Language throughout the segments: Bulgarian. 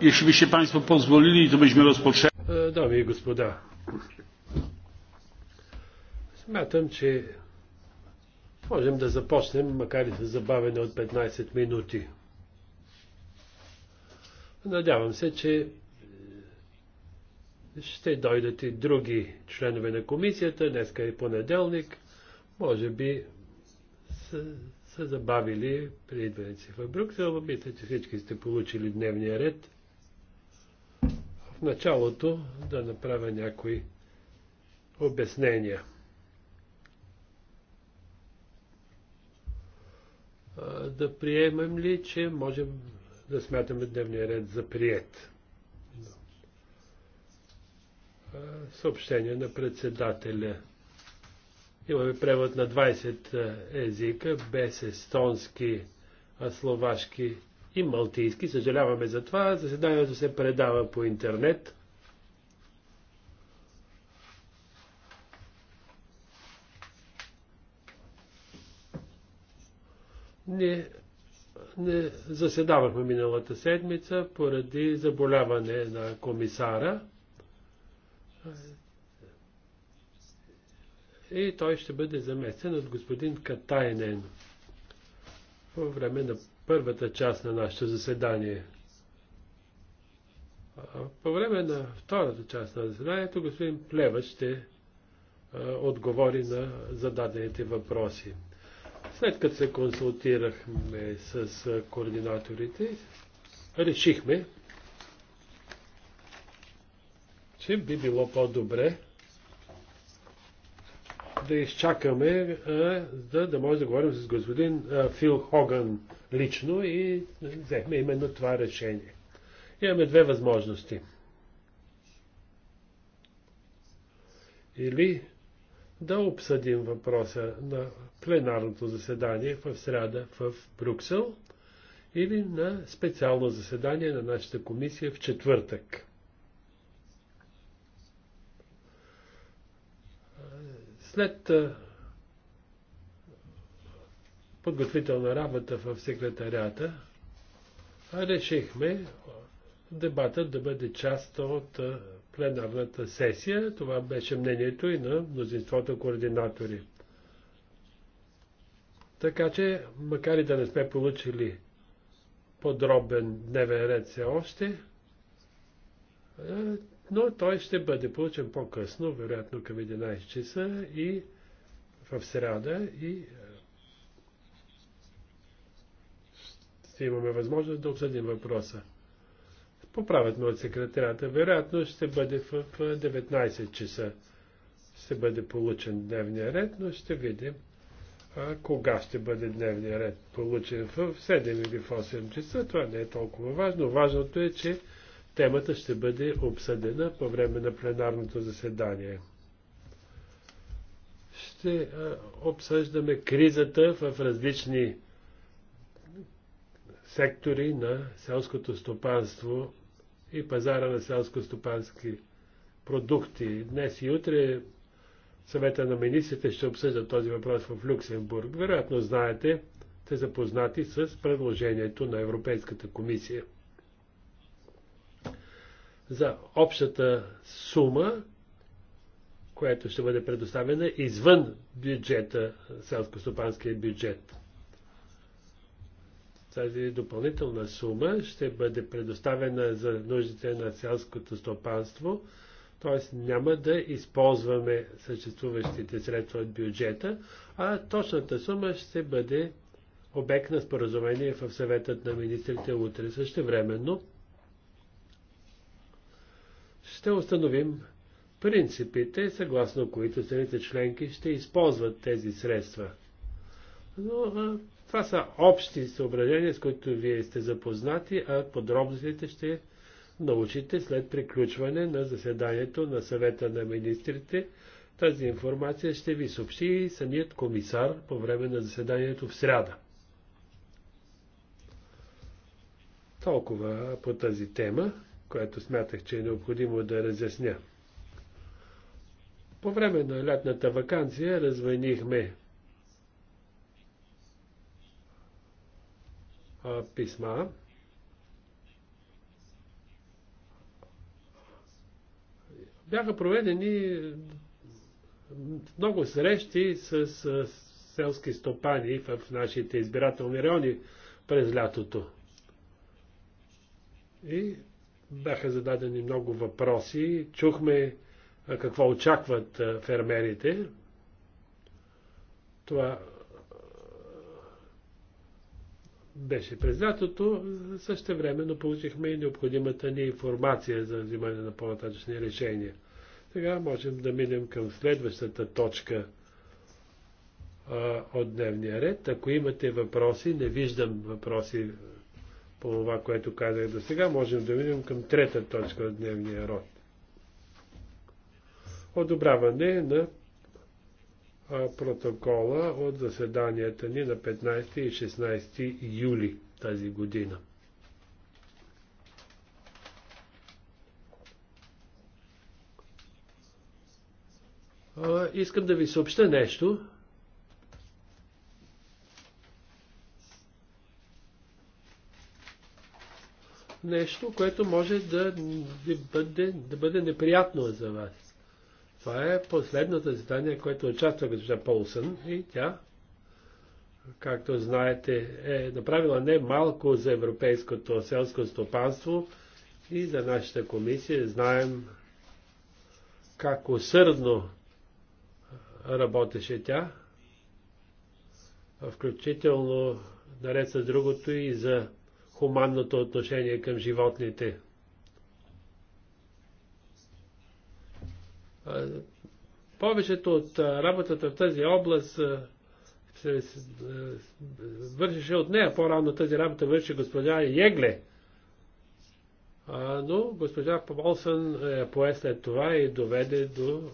Jeśli byście Państwo pozwolili, to byśmy rozpoczęli. E, Dami i господа, смятам, че можем да започнем, макар и с забавене от 15 minut. Надявам się, czy ще дойдат и други членове на комисията. Днеска е понеделник. Може би са, са забавили при идването си в Брюксел. Мисля, че всички сте получили дневния ред в началото да направя някои обяснения. Да приемем ли, че можем да смятаме дневния ред за прият? Съобщение на председателя. Имаме превод на 20 езика, без естонски, а словашки, и малтийски. Съжаляваме за това. Заседанието се предава по интернет. Не, не заседавахме миналата седмица поради заболяване на комисара. И той ще бъде заместен от господин Катайнен по време на първата част на нашето заседание. По време на втората част на заседанието господин Плева ще отговори на зададените въпроси. След като се консултирахме с координаторите, решихме, че би било по-добре да изчакаме, за да може да говорим с господин Фил Хоган лично и взехме именно това решение. Имаме две възможности. Или да обсъдим въпроса на пленарното заседание в среда в Брюксел или на специално заседание на нашата комисия в четвъртък. След подготвителна работа в секретарията, решихме дебатът да бъде част от пленарната сесия. Това беше мнението и на мнозинството координатори. Така че, макар и да не сме получили подробен дневен ред все още, но той ще бъде получен по-късно, вероятно към 11 часа и в среда и е, ще имаме възможност да обсъдим въпроса. Поправят ме от секретарята. Вероятно ще бъде в 19 часа. Ще бъде получен дневния ред, но ще видим а, кога ще бъде дневния ред получен в 7 или в 8 часа. Това не е толкова важно. Важното е, че темата ще бъде обсъдена по време на пленарното заседание. Ще обсъждаме кризата в различни сектори на селското стопанство и пазара на селско-стопански продукти. Днес и утре съвета на министрите ще обсъжда този въпрос в Люксембург. Вероятно знаете, сте запознати с предложението на Европейската комисия за общата сума, която ще бъде предоставена извън бюджета, селско-стопанския бюджет. Тази допълнителна сума ще бъде предоставена за нуждите на селското стопанство, т.е. няма да използваме съществуващите средства от бюджета, а точната сума ще бъде обект на споразумение в съветът на министрите утре. Също времено ще установим принципите, съгласно които страните членки ще използват тези средства. Но а, това са общи съображения, с които вие сте запознати, а подробностите ще научите след приключване на заседанието на съвета на министрите. Тази информация ще ви съобщи и самият комисар по време на заседанието в сряда. Толкова по тази тема което смятах, че е необходимо да разясня. По време на лятната вакансия развенихме писма бяха проведени много срещи с, селски стопани в нашите избирателни райони през лятото. И бяха зададени много въпроси. Чухме какво очакват фермерите. Това беше през лятото. Също но получихме и необходимата ни информация за взимане на по-нататъчни решения. Сега можем да минем към следващата точка от дневния ред. Ако имате въпроси, не виждам въпроси по това, което казах до сега, можем да видим към трета точка от дневния род. Одобряване на протокола от заседанията ни на 15 и 16 юли тази година. Искам да ви съобща нещо. нещо, което може да, да, бъде, да бъде неприятно за вас. Това е последното задание, което участва госпожа Полсън и тя, както знаете, е направила не малко за европейското селско стопанство и за нашата комисия. Знаем как усърдно работеше тя, включително наред с другото и за хуманното отношение към животните. Повечето от работата в тази област се вършеше от нея. По-рано тази работа върши госпожа Егле. Но госпожа Полсън я е, пое след това и доведе до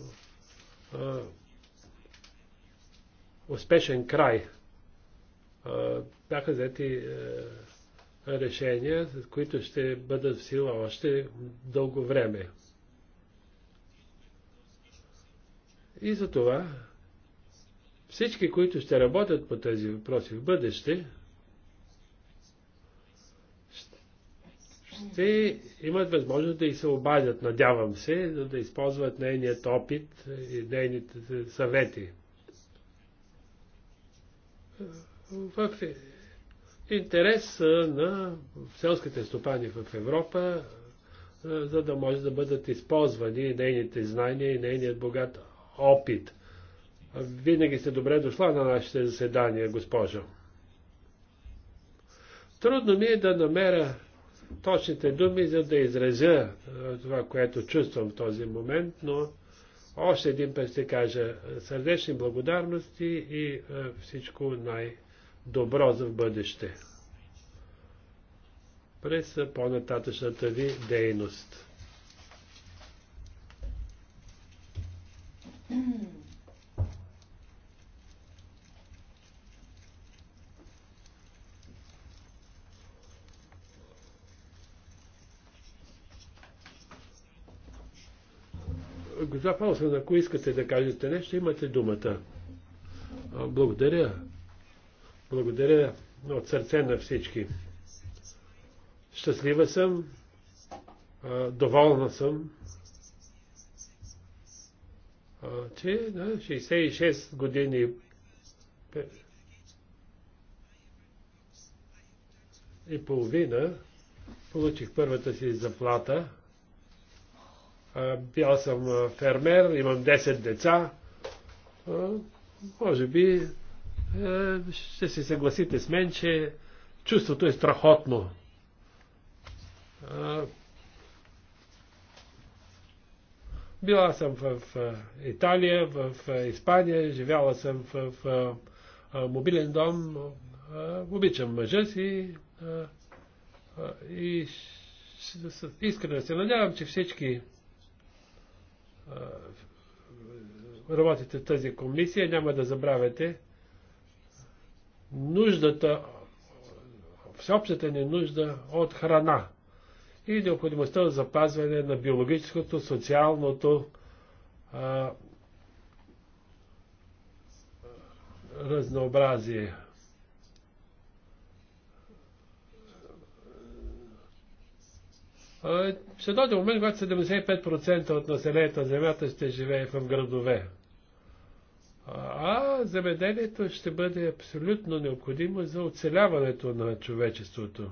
успешен край. Бяха взети е, решения, които ще бъдат в сила още дълго време. И за това всички, които ще работят по тези въпроси в бъдеще, ще имат възможност да и се обадят, надявам се, за да използват нейният опит и нейните съвети. В интерес на селските стопани в Европа, за да може да бъдат използвани нейните знания и нейният богат опит. Винаги сте добре дошла на нашите заседания, госпожо. Трудно ми е да намеря точните думи, за да изразя това, което чувствам в този момент, но още един път ще кажа сърдечни благодарности и всичко най- добро за в бъдеще през по-нататъчната ви дейност. Госпожа Паусен, ако искате да кажете нещо, имате думата. Благодаря. Благодаря от сърце на всички. Щастлива съм, доволна съм, че на 66 години и половина получих първата си заплата. Бял съм фермер, имам 10 деца. Може би е, ще се съгласите с мен, че чувството е страхотно. Била съм в Италия, в Испания, живяла съм в мобилен дом. Обичам мъжа си и искрено се надявам, че всички работите тази комисия, няма да забравяте, нуждата, всеобщата ни нужда от храна и необходимостта от запазване на биологическото, социалното а, разнообразие. Ще дойде момент, когато 75% от населението на Земята ще живее в градове а земеделието ще бъде абсолютно необходимо за оцеляването на човечеството.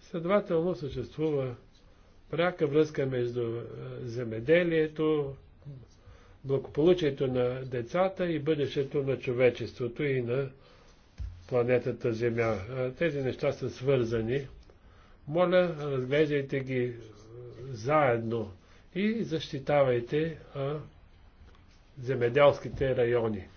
Следователно съществува пряка връзка между земеделието, благополучието на децата и бъдещето на човечеството и на планетата Земя. Тези неща са свързани. Моля, разглеждайте ги заедно и защитавайте а, земеделските райони.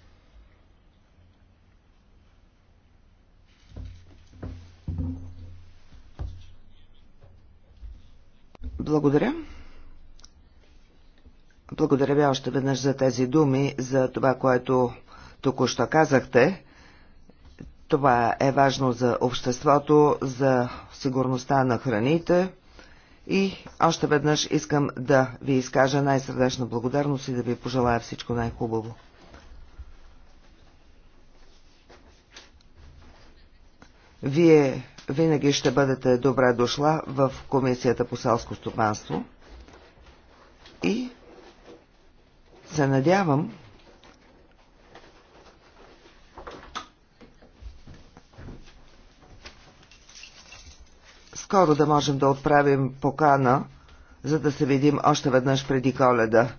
Благодаря. Благодаря ви още веднъж за тези думи, за това, което току-що казахте. Това е важно за обществото, за сигурността на храните. И още веднъж искам да ви изкажа най-сърдечна благодарност и да ви пожелая всичко най-хубаво. Вие винаги ще бъдете добре дошла в Комисията по селско стопанство и се надявам, скоро да можем да отправим покана, за да се видим още веднъж преди коледа.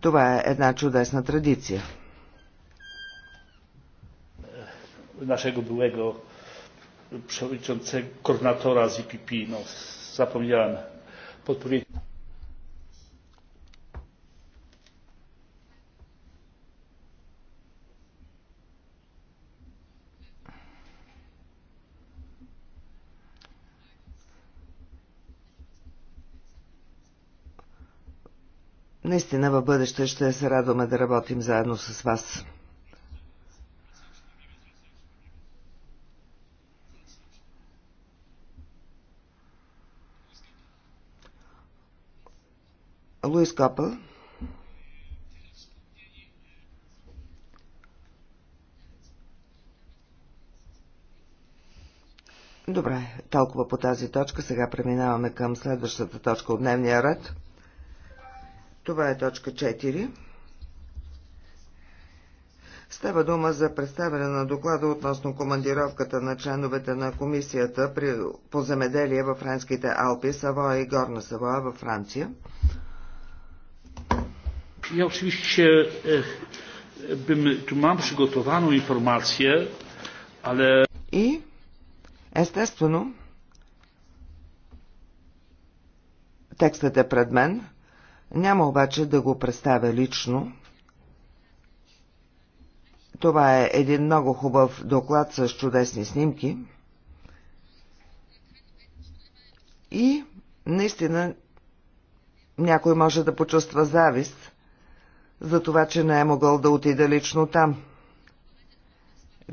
Това е една чудесна традиция. Нашего билего przewodniczącego, koordynatora z IPP, e no zapomniałem Наистина във бъдеще ще се радваме да работим заедно с вас. Луис Капъл. Добре, толкова по тази точка. Сега преминаваме към следващата точка от дневния ред. Това е точка 4. Става дума за представяне на доклада относно командировката на членовете на комисията при, по земеделие във френските Алпи, Савоя и Горна Савоя във Франция. Я очевидно, e, bym, tu mam przygotowaną информация, але... И, естествено текстът е пред мен. Няма обаче да го представя лично. Това е един много хубав доклад с чудесни снимки. И наистина някой може да почувства завист за това, че не е могъл да отида лично там.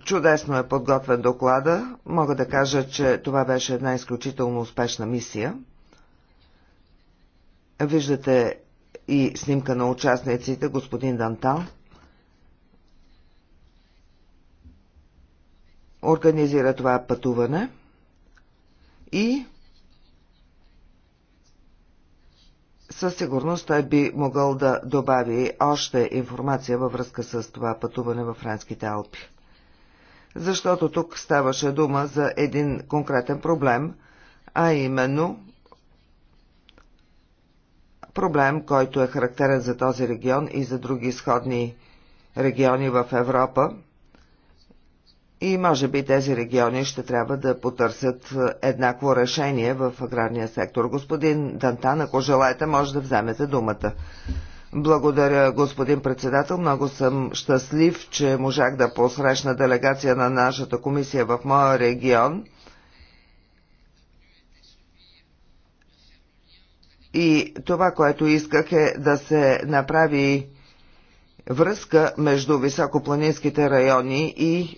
Чудесно е подготвен доклада. Мога да кажа, че това беше една изключително успешна мисия. Виждате и снимка на участниците, господин Дантал. Организира това пътуване и със сигурност той би могъл да добави още информация във връзка с това пътуване във Франските Алпи. Защото тук ставаше дума за един конкретен проблем, а именно проблем, който е характерен за този регион и за други изходни региони в Европа. И може би тези региони ще трябва да потърсят е, еднакво решение в аграрния сектор. Господин Дантан, ако желаете, може да вземете думата. Благодаря, господин председател. Много съм щастлив, че можах да посрещна делегация на нашата комисия в моя регион И това, което исках е да се направи връзка между високопланинските райони и е,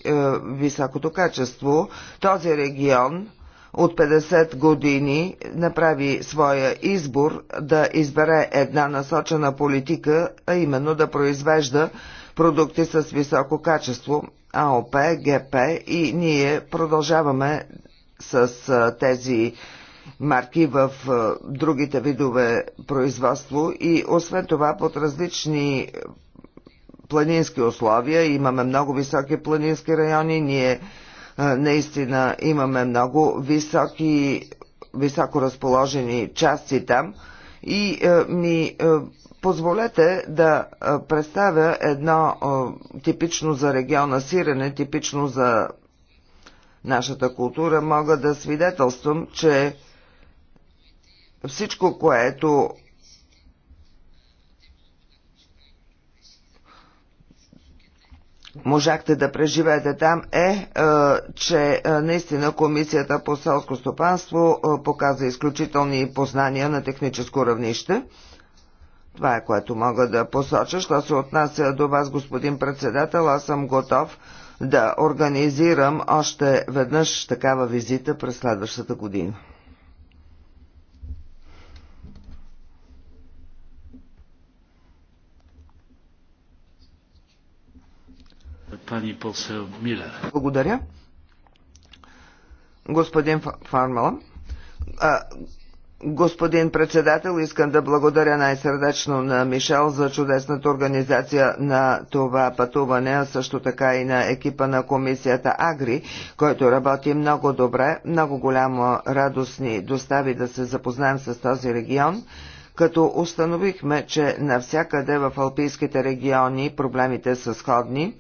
високото качество. Този регион от 50 години направи своя избор да избере една насочена политика, а именно да произвежда продукти с високо качество АОП, ГП и ние продължаваме с е, тези марки в е, другите видове производство и освен това под различни планински условия. Имаме много високи планински райони, ние е, наистина имаме много високи, високо разположени части там и е, ми позволете да представя едно типично за региона Сирене, типично за нашата култура, мога да свидетелствам, че всичко, което можахте да преживеете там е, е че е, наистина Комисията по селско стопанство е, показа изключителни познания на техническо равнище. Това е което мога да посоча. Що се отнася до вас, господин председател, аз съм готов да организирам още веднъж такава визита през следващата година. Пани посел Милер. Благодаря. Господин Фармала. Господин председател, искам да благодаря най-сърдечно на Мишел за чудесната организация на това пътуване, а също така и на екипа на комисията Агри, който работи много добре. Много голямо радост ни достави да се запознаем с този регион като установихме, че навсякъде в алпийските региони проблемите са сходни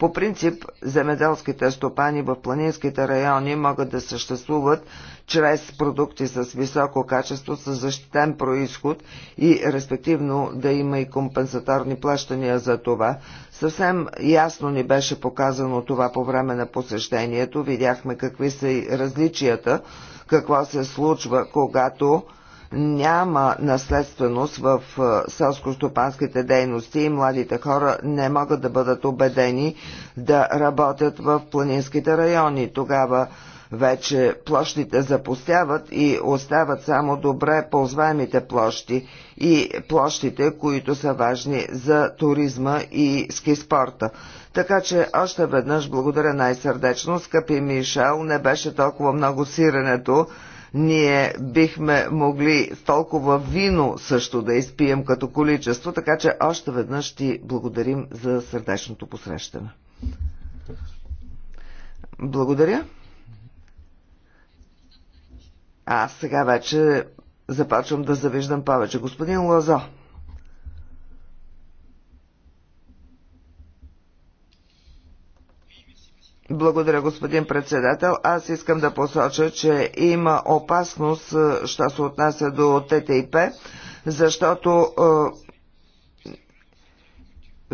по принцип, земеделските стопани в планинските райони могат да съществуват чрез продукти с високо качество, с защитен происход и респективно да има и компенсаторни плащания за това. Съвсем ясно ни беше показано това по време на посещението. Видяхме какви са и различията, какво се случва, когато няма наследственост в селско-стопанските дейности и младите хора не могат да бъдат убедени да работят в планинските райони. Тогава вече площите запустяват и остават само добре ползваемите площи и площите, които са важни за туризма и ски спорта. Така че още веднъж благодаря най-сърдечно, скъпи Мишел, не беше толкова много сиренето, ние бихме могли толкова вино също да изпием като количество, така че още веднъж ти благодарим за сърдечното посрещане. Благодаря. А сега вече започвам да завиждам повече. Господин Лазо. Благодаря, господин председател. Аз искам да посоча, че има опасност, що се отнася до ТТИП, защото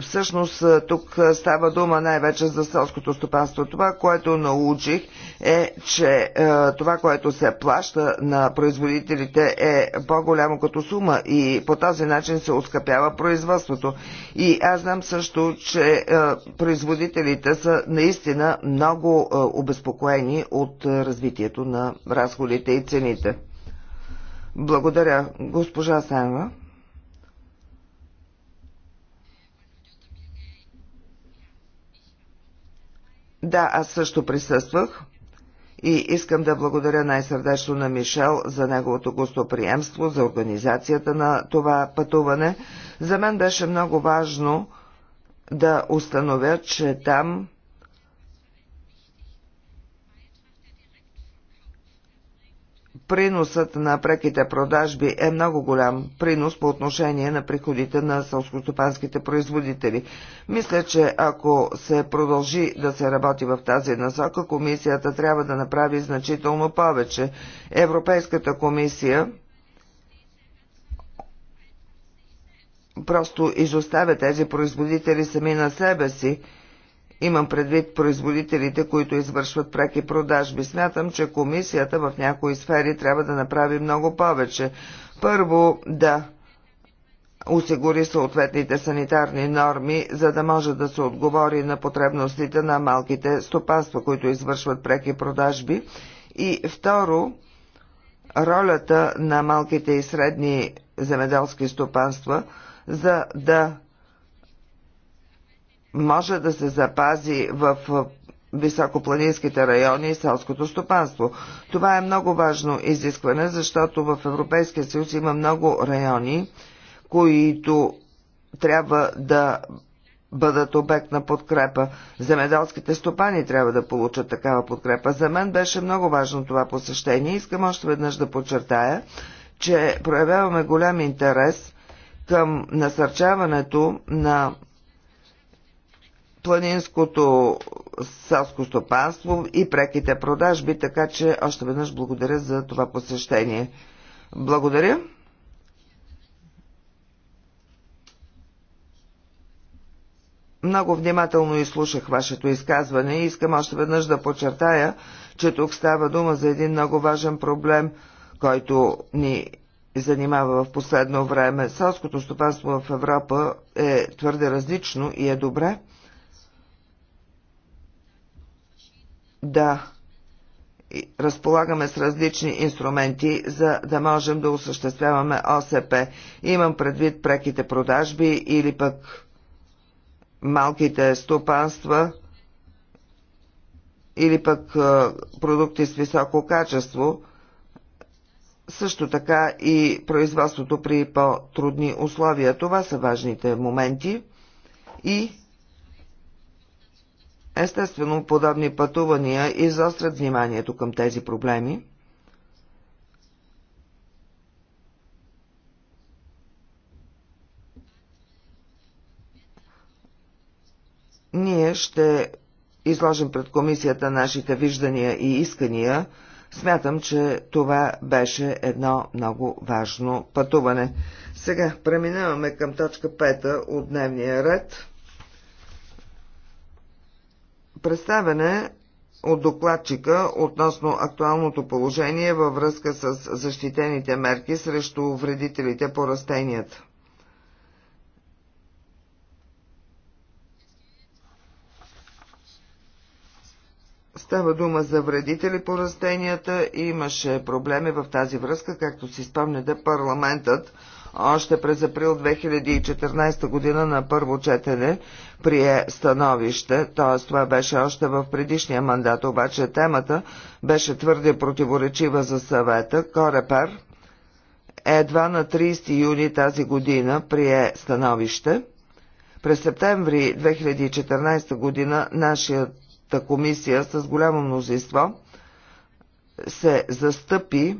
Всъщност тук става дума най-вече за селското стопанство. Това, което научих е, че е, това, което се плаща на производителите е по-голямо като сума и по този начин се оскъпява производството. И аз знам също, че е, производителите са наистина много е, обезпокоени от развитието на разходите и цените. Благодаря, госпожа Сенва. Да, аз също присъствах и искам да благодаря най-сърдечно на Мишел за неговото гостоприемство, за организацията на това пътуване. За мен беше много важно да установя, че там приносът на преките продажби е много голям принос по отношение на приходите на сълскостопанските производители. Мисля, че ако се продължи да се работи в тази насока, комисията трябва да направи значително повече. Европейската комисия просто изоставя тези производители сами на себе си. Имам предвид производителите, които извършват преки продажби. Смятам, че комисията в някои сфери трябва да направи много повече. Първо, да осигури съответните санитарни норми, за да може да се отговори на потребностите на малките стопанства, които извършват преки продажби. И второ, ролята на малките и средни земеделски стопанства, за да може да се запази в високопланинските райони и селското стопанство. Това е много важно изискване, защото в Европейския съюз има много райони, които трябва да бъдат обект на подкрепа. Земеделските стопани трябва да получат такава подкрепа. За мен беше много важно това посещение. Искам още веднъж да подчертая, че проявяваме голям интерес към насърчаването на планинското селско стопанство и преките продажби, така че още веднъж благодаря за това посещение. Благодаря. Много внимателно изслушах вашето изказване и искам още веднъж да подчертая, че тук става дума за един много важен проблем, който ни занимава в последно време. Селското стопанство в Европа е твърде различно и е добре, да разполагаме с различни инструменти, за да можем да осъществяваме ОСП. Имам предвид преките продажби или пък малките стопанства или пък е, продукти с високо качество, също така и производството при по-трудни условия. Това са важните моменти и Естествено, подобни пътувания изострят вниманието към тези проблеми. Ние ще изложим пред комисията нашите виждания и искания. Смятам, че това беше едно много важно пътуване. Сега преминаваме към точка 5 от дневния ред. Представяне от докладчика относно актуалното положение във връзка с защитените мерки срещу вредителите по растенията. Става дума за вредители по растенията и имаше проблеми в тази връзка, както си спомняте, парламентът още през април 2014 година на първо четене прие становище, т.е. това беше още в предишния мандат, обаче темата беше твърде противоречива за съвета. Корепер едва на 30 юни тази година прие становище. През септември 2014 година нашата комисия с голямо мнозинство се застъпи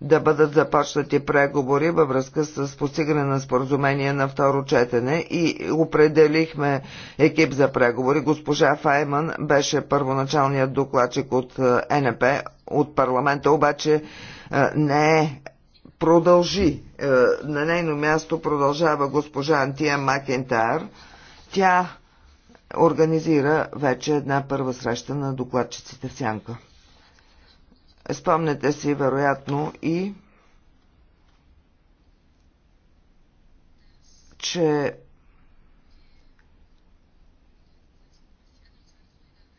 да бъдат започнати преговори във връзка с постигане на споразумение на второ четене и определихме екип за преговори. Госпожа Файман беше първоначалният докладчик от е, НП, от парламента, обаче е, не е продължи. Е, на нейно място продължава госпожа Антия Макентар. Тя организира вече една първа среща на докладчиците в Сянка. Спомняте си, вероятно, и че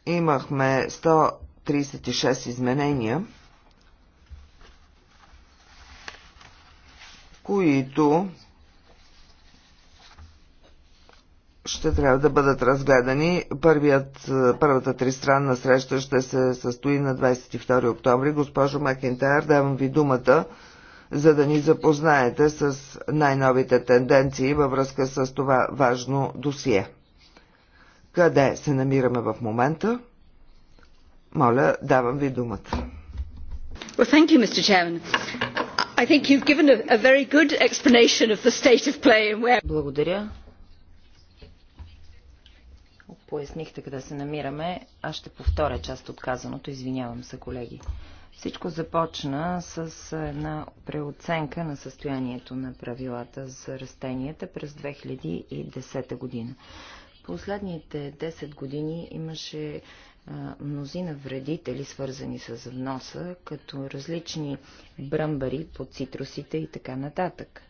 имахме 136 изменения, които ще трябва да бъдат разгледани. Първият, е, първата тристранна среща ще се състои на 22 октомври. Госпожо Макентайр, давам ви думата, за да ни запознаете с най-новите тенденции във връзка с това важно досие. Къде се намираме в момента? Моля, давам ви думата. Well, thank you, Mr. Chairman. I think you've given a, a very good explanation of the state of play and where... Благодаря пояснихте къде се намираме. Аз ще повторя част от казаното. Извинявам се, колеги. Всичко започна с една преоценка на състоянието на правилата за растенията през 2010 година. Последните 10 години имаше мнозина вредители, свързани с вноса, като различни бръмбари по цитрусите и така нататък.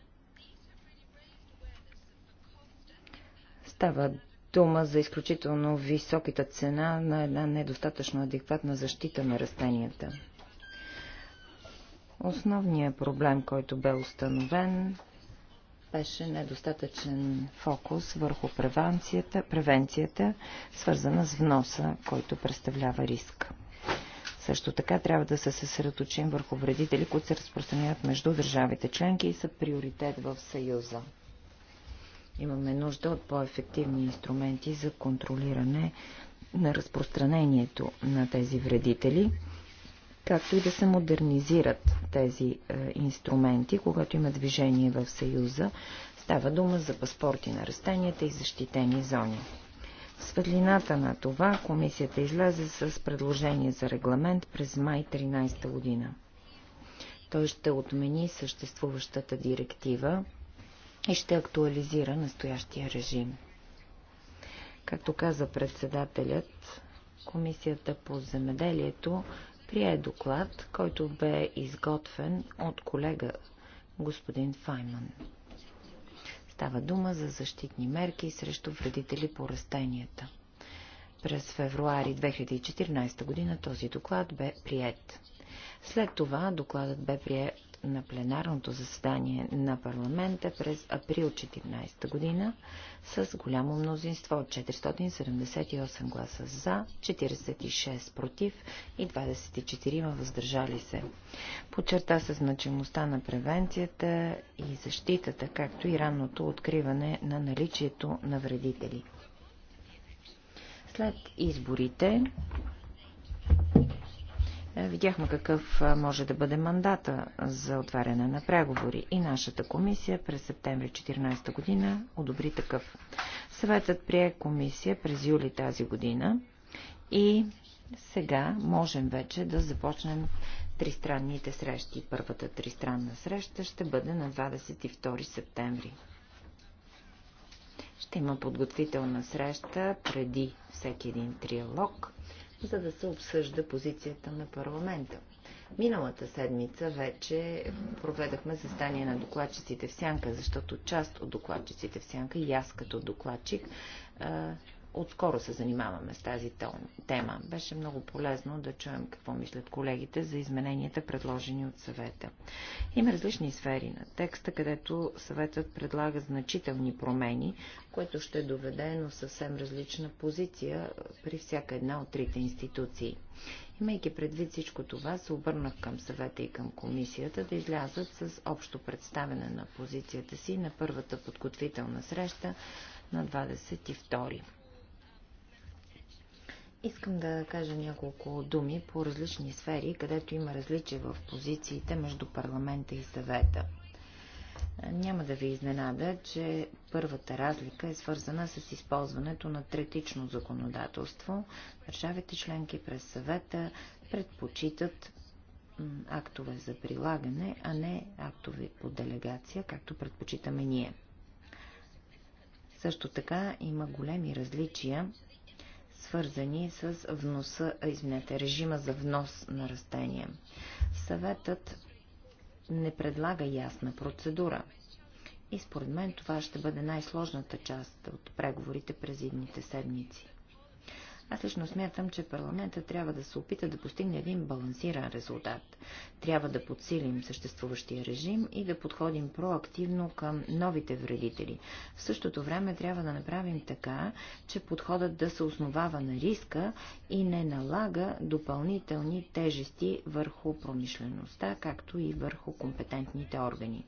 Става дума за изключително високата цена на една недостатъчно адекватна защита на растенията. Основният проблем, който бе установен, беше недостатъчен фокус върху превенцията, превенцията свързана с вноса, който представлява риск. Също така трябва да се съсредоточим върху вредители, които се разпространяват между държавите членки и са приоритет в Съюза. Имаме нужда от по-ефективни инструменти за контролиране на разпространението на тези вредители, както и да се модернизират тези е, инструменти, когато има движение в Съюза. Става дума за паспорти на растенията и защитени зони. В светлината на това комисията излезе с предложение за регламент през май 13 година. Той ще отмени съществуващата директива и ще актуализира настоящия режим. Както каза председателят, Комисията по земеделието прие доклад, който бе изготвен от колега господин Файман. Става дума за защитни мерки срещу вредители по растенията. През февруари 2014 година този доклад бе прият. След това докладът бе прият на пленарното заседание на парламента през април 2014 година с голямо мнозинство от 478 гласа за, 46 против и 24 въздържали се. Подчерта се значимостта на превенцията и защитата, както и ранното откриване на наличието на вредители. След изборите е, видяхме какъв може да бъде мандата за отваряне на преговори и нашата комисия през септември 2014 година одобри такъв. Съветът прие комисия през юли тази година и сега можем вече да започнем тристранните срещи. Първата тристранна среща ще бъде на 22 септември. Ще има подготвителна среща преди всеки един триалог за да се обсъжда позицията на парламента. Миналата седмица вече проведахме състание на докладчиците в Сянка, защото част от докладчиците в Сянка и аз като докладчик отскоро се занимаваме с тази тема. Беше много полезно да чуем какво мислят колегите за измененията, предложени от съвета. Има различни сфери на текста, където съветът предлага значителни промени, което ще доведе до съвсем различна позиция при всяка една от трите институции. Имайки предвид всичко това, се обърнах към съвета и към комисията да излязат с общо представене на позицията си на първата подготвителна среща на 22. Искам да кажа няколко думи по различни сфери, където има различия в позициите между парламента и съвета. Няма да ви изненада, че първата разлика е свързана с използването на третично законодателство. Държавите членки през съвета предпочитат актове за прилагане, а не актове по делегация, както предпочитаме ние. Също така има големи различия свързани с вноса, извинете, режима за внос на растения. Съветът не предлага ясна процедура. И според мен това ще бъде най-сложната част от преговорите през едните седмици. Аз лично смятам, че парламента трябва да се опита да постигне един балансиран резултат. Трябва да подсилим съществуващия режим и да подходим проактивно към новите вредители. В същото време трябва да направим така, че подходът да се основава на риска и не налага допълнителни тежести върху промишлеността, както и върху компетентните органи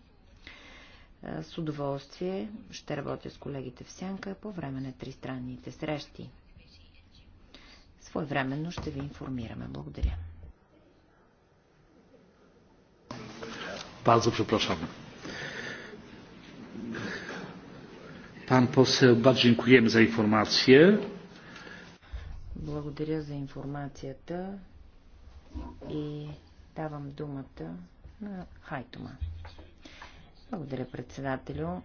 с удоволствие ще работя с колегите в Сянка по време на тристранните срещи своевременно ще ви информираме. Благодаря. Bardzo przepraszam. Pan poseł, bardzo dziękujemy za informację. Благодаря за информацията и давам думата на Хайтома. Благодаря, председателю.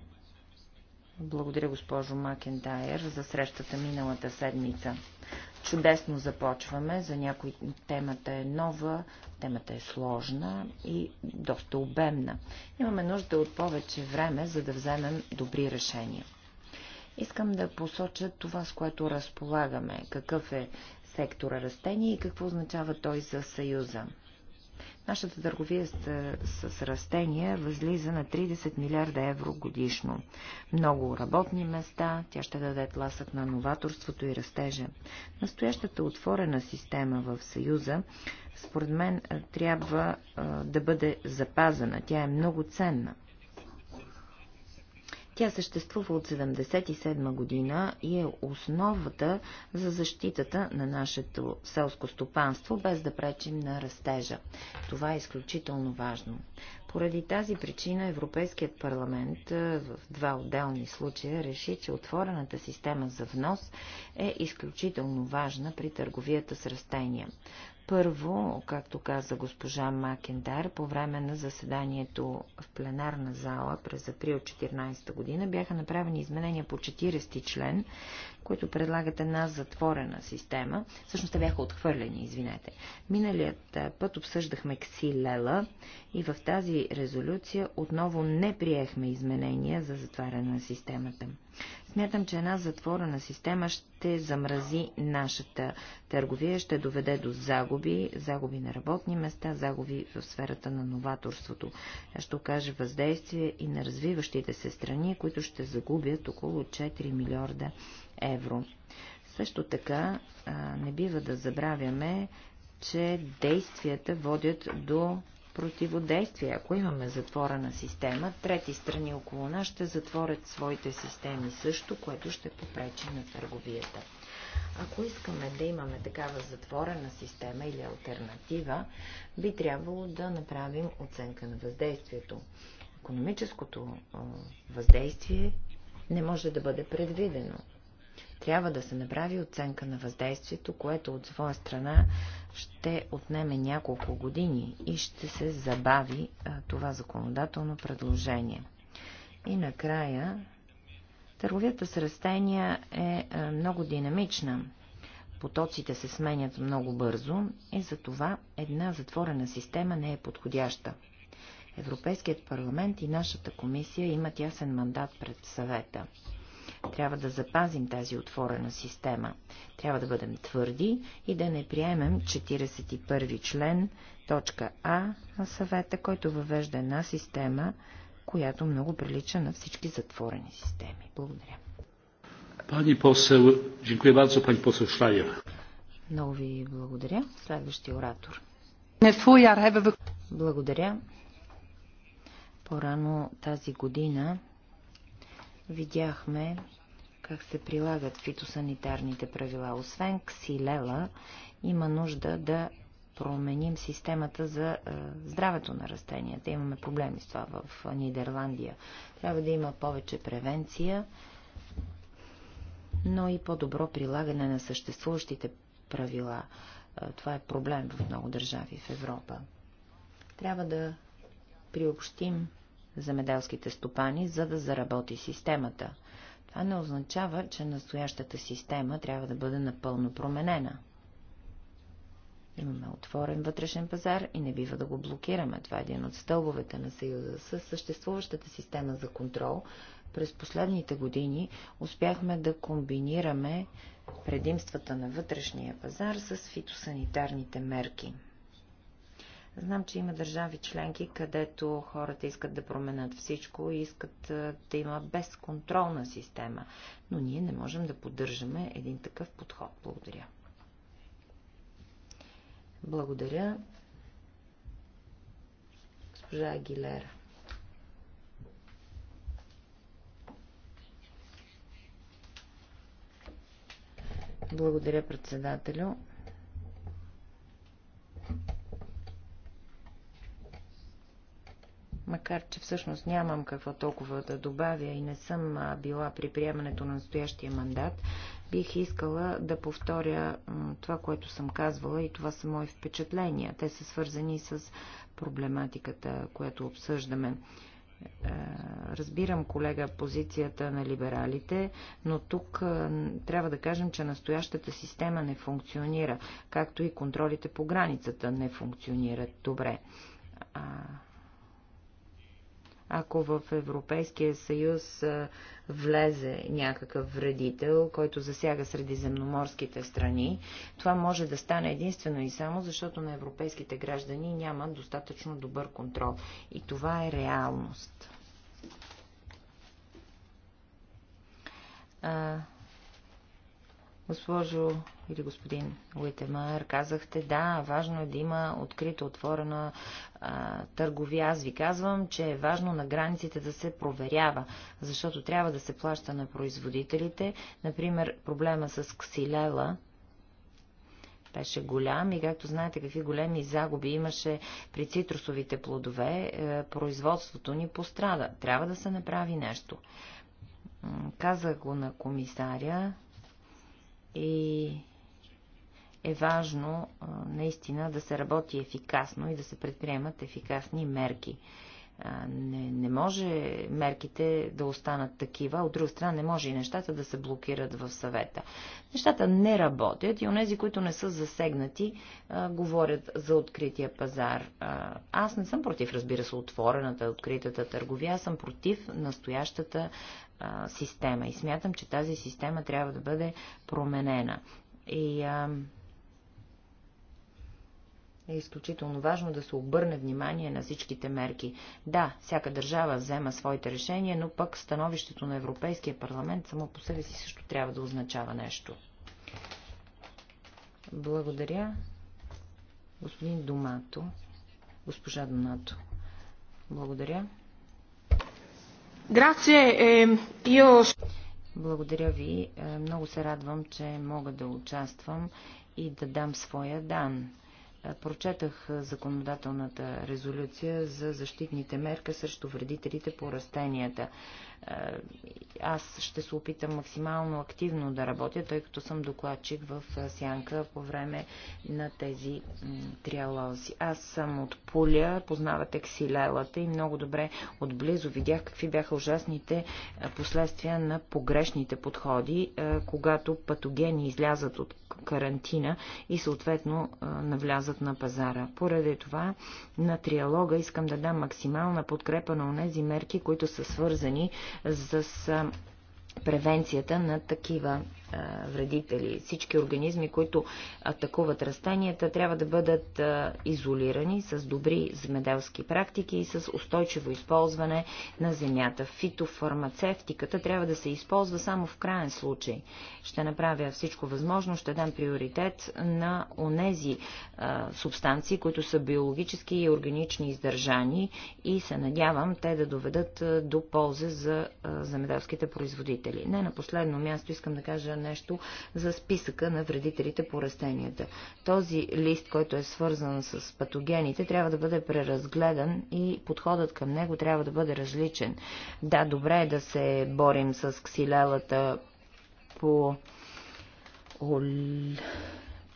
Благодаря, госпожо Макентайер, за срещата миналата седмица. Чудесно започваме. За някои темата е нова, темата е сложна и доста обемна. Имаме нужда от повече време, за да вземем добри решения. Искам да посоча това, с което разполагаме, какъв е сектора растения и какво означава той за Съюза. Нашата търговия с, с растения възлиза на 30 милиарда евро годишно. Много работни места, тя ще даде тласък на новаторството и растежа. Настоящата отворена система в Съюза, според мен, е, трябва е, да бъде запазена. Тя е много ценна. Тя съществува от 1977 година и е основата за защитата на нашето селско стопанство, без да пречим на растежа. Това е изключително важно. Поради тази причина Европейският парламент в два отделни случая реши, че отворената система за внос е изключително важна при търговията с растения. Първо, както каза госпожа Макендар, по време на заседанието в пленарна зала през април 2014 година бяха направени изменения по 40 член които предлагат една затворена система. Всъщност те бяха отхвърлени, извинете. Миналият път обсъждахме Ксилела и в тази резолюция отново не приехме изменения за затваряне на системата. Смятам, че една затворена система ще замрази нашата търговия, ще доведе до загуби, загуби на работни места, загуби в сферата на новаторството. Ще окаже въздействие и на развиващите се страни, които ще загубят около 4 милиарда евро. Също така не бива да забравяме, че действията водят до противодействие. Ако имаме затворена система, трети страни около нас ще затворят своите системи също, което ще попречи на търговията. Ако искаме да имаме такава затворена система или альтернатива, би трябвало да направим оценка на въздействието. Економическото въздействие не може да бъде предвидено. Трябва да се направи оценка на въздействието, което от своя страна ще отнеме няколко години и ще се забави а, това законодателно предложение. И накрая, търговията с растения е а, много динамична. Потоците се сменят много бързо и за това една затворена система не е подходяща. Европейският парламент и нашата комисия имат ясен мандат пред съвета. Трябва да запазим тази отворена система. Трябва да бъдем твърди и да не приемем 41 член, точка А на съвета, който въвежда една система, която много прилича на всички затворени системи. Благодаря. Пани посел, дякую бързо, пани посел Шлайер. Много ви благодаря. Следващия оратор. Благодаря. По-рано тази година видяхме как се прилагат фитосанитарните правила. Освен ксилела, има нужда да променим системата за е, здравето на растенията. Имаме проблеми с това в е, Нидерландия. Трябва да има повече превенция, но и по-добро прилагане на съществуващите правила. Е, това е проблем в много държави в Европа. Трябва да приобщим земеделските стопани, за да заработи системата. Това не означава, че настоящата система трябва да бъде напълно променена. Имаме отворен вътрешен пазар и не бива да го блокираме. Това е един от стълбовете на Съюза. С съществуващата система за контрол през последните години успяхме да комбинираме предимствата на вътрешния пазар с фитосанитарните мерки. Знам, че има държави членки, където хората искат да променят всичко и искат да има безконтролна система, но ние не можем да поддържаме един такъв подход. Благодаря. Благодаря. Госпожа Агилера. Благодаря, председателю. макар че всъщност нямам какво толкова да добавя и не съм била при приемането на настоящия мандат, бих искала да повторя това, което съм казвала и това са мои впечатления. Те са свързани с проблематиката, която обсъждаме. Е, разбирам, колега, позицията на либералите, но тук е, трябва да кажем, че настоящата система не функционира, както и контролите по границата не функционират добре ако в Европейския съюз влезе някакъв вредител, който засяга средиземноморските страни, това може да стане единствено и само, защото на европейските граждани няма достатъчно добър контрол. И това е реалност. Госпожо или господин Уитемар, казахте, да, важно е да има открита, отворена а, търговия. Аз ви казвам, че е важно на границите да се проверява, защото трябва да се плаща на производителите. Например, проблема с ксилела, беше голям и както знаете какви големи загуби имаше при цитрусовите плодове, е, производството ни пострада. Трябва да се направи нещо. Казах го на комисаря, и е важно наистина да се работи ефикасно и да се предприемат ефикасни мерки. Не, не може мерките да останат такива, от друга страна не може и нещата да се блокират в съвета. Нещата не работят и онези, които не са засегнати, а, говорят за открития пазар. А, аз не съм против, разбира се, отворената, откритата търговия, аз съм против настоящата а, система. И смятам, че тази система трябва да бъде променена. И а, е изключително важно да се обърне внимание на всичките мерки. Да, всяка държава взема своите решения, но пък становището на Европейския парламент само по себе си също трябва да означава нещо. Благодаря. Господин Домато. Госпожа Донато. Благодаря. Ehm, Благодаря ви. Е, много се радвам, че мога да участвам и да дам своя дан. Е, прочетах законодателната резолюция за защитните мерки срещу вредителите по растенията. Е, аз ще се опитам максимално активно да работя, тъй като съм докладчик в е, Сянка по време на тези триалози. Аз съм от Пуля, познавате ксилелата и много добре отблизо видях какви бяха ужасните е, последствия на погрешните подходи, когато патогени излязат от карантина и съответно навлязат на пазара. Поради това на триалога искам да дам максимална подкрепа на онези мерки, които са свързани с превенцията на такива вредители. Всички организми, които атакуват растенията, трябва да бъдат изолирани с добри земеделски практики и с устойчиво използване на земята. Фитофармацевтиката трябва да се използва само в крайен случай. Ще направя всичко възможно, ще дам приоритет на онези субстанции, които са биологически и органични издържани и се надявам те да доведат до полза за земеделските производители. Не на последно място искам да кажа нещо за списъка на вредителите по растенията. Този лист, който е свързан с патогените, трябва да бъде преразгледан и подходът към него трябва да бъде различен. Да, добре е да се борим с ксилелата по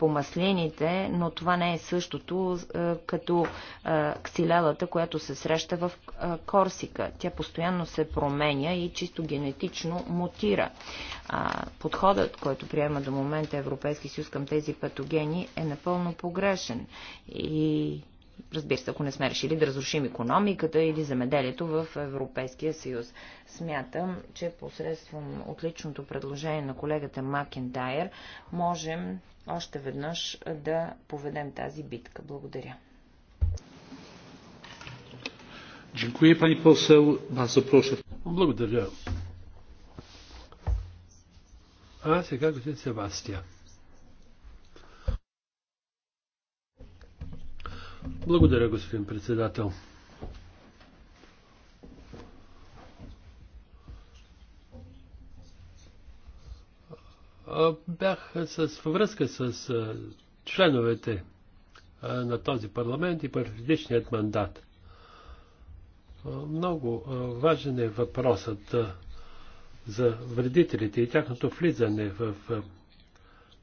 по маслините, но това не е същото е, като е, ксилелата, която се среща в е, Корсика. Тя постоянно се променя и чисто генетично мутира. Подходът, който приема до момента Европейски съюз към тези патогени е напълно погрешен. И Разбира се, ако не сме решили да разрушим економиката или земеделието в Европейския съюз. Смятам, че посредством отличното предложение на колегата Макентайер можем още веднъж да поведем тази битка. Благодаря. Дякую, пани посел. Вас proszę. Благодаря. А сега господин Себастия. Благодаря, господин председател. Бях с, във връзка с членовете на този парламент и предишният мандат. Много важен е въпросът за вредителите и тяхното влизане в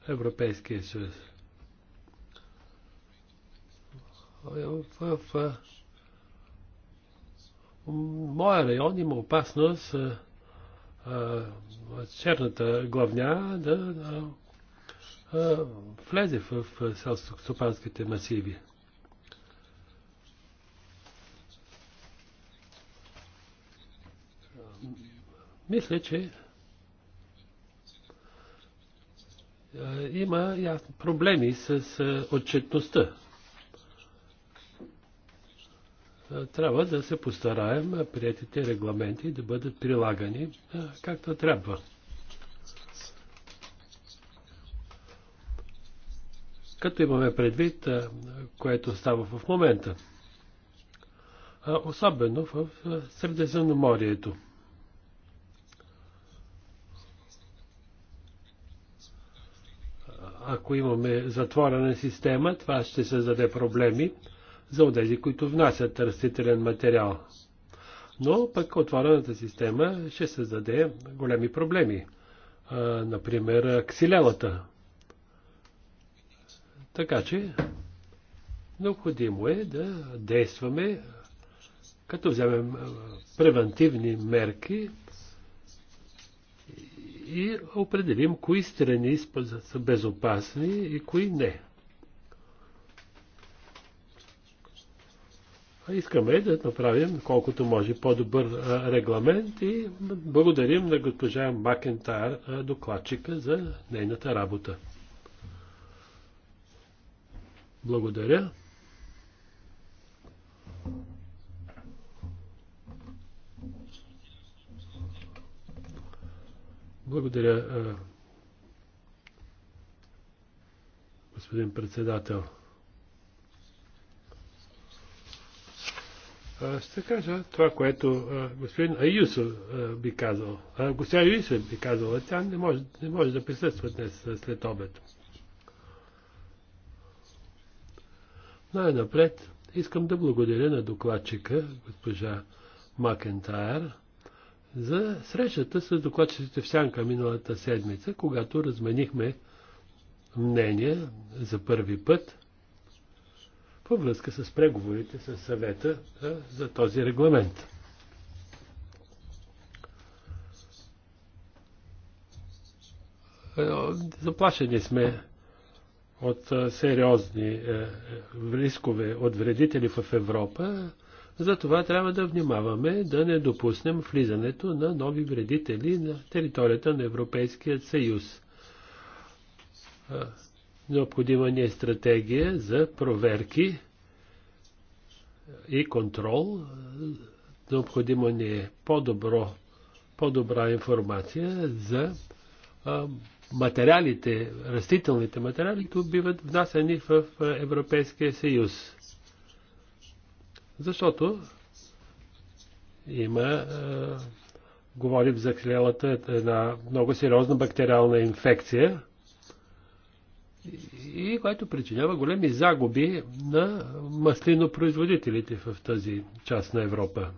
Европейския съюз. в, в моя район има опасност а, а, черната главня да а, влезе в селско-стопанските масиви. Мисля, че има проблеми с отчетността трябва да се постараем приятите регламенти да бъдат прилагани както трябва. Като имаме предвид, което става в момента. Особено в Средиземноморието. Ако имаме затворена система, това ще създаде проблеми за тези, които внасят растителен материал. Но пък отворената система ще създаде големи проблеми. А, например, ксилелата. Така че, необходимо е да действаме, като вземем превентивни мерки и определим кои страни са безопасни и кои не. Искаме да направим колкото може по-добър регламент и благодарим на госпожа Макентар, докладчика, за нейната работа. Благодаря. Благодаря, господин председател. ще кажа това, което господин Аюсо би казал. Господин Аюсо би казала, тя не може, не може да присъства днес след обед. Най-напред искам да благодаря на докладчика, госпожа Макентайр, за срещата с докладчиците в Сянка миналата седмица, когато разменихме мнение за първи път – във връзка с преговорите с съвета за този регламент. Е, заплашени сме от сериозни е, е, рискове от вредители в Европа, затова трябва да внимаваме да не допуснем влизането на нови вредители на територията на Европейския съюз. Необходима ни е стратегия за проверки и контрол. Необходима ни е по-добро, по-добра информация за а, материалите, растителните материали, които биват внасяни в Европейския съюз. Защото има, а, говорим за хлелата, една много сериозна бактериална инфекция, и което причинява големи загуби на маслинопроизводителите в тази част на Европа.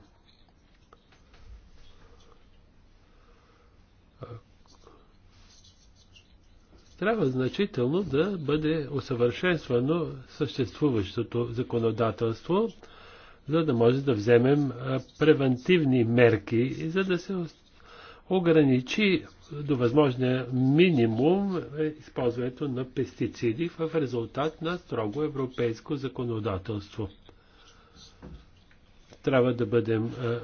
Трябва значително да бъде усъвършенствано съществуващото законодателство, за да може да вземем превентивни мерки и за да се ограничи до възможния минимум е използването на пестициди в резултат на строго европейско законодателство. Трябва да бъдем е,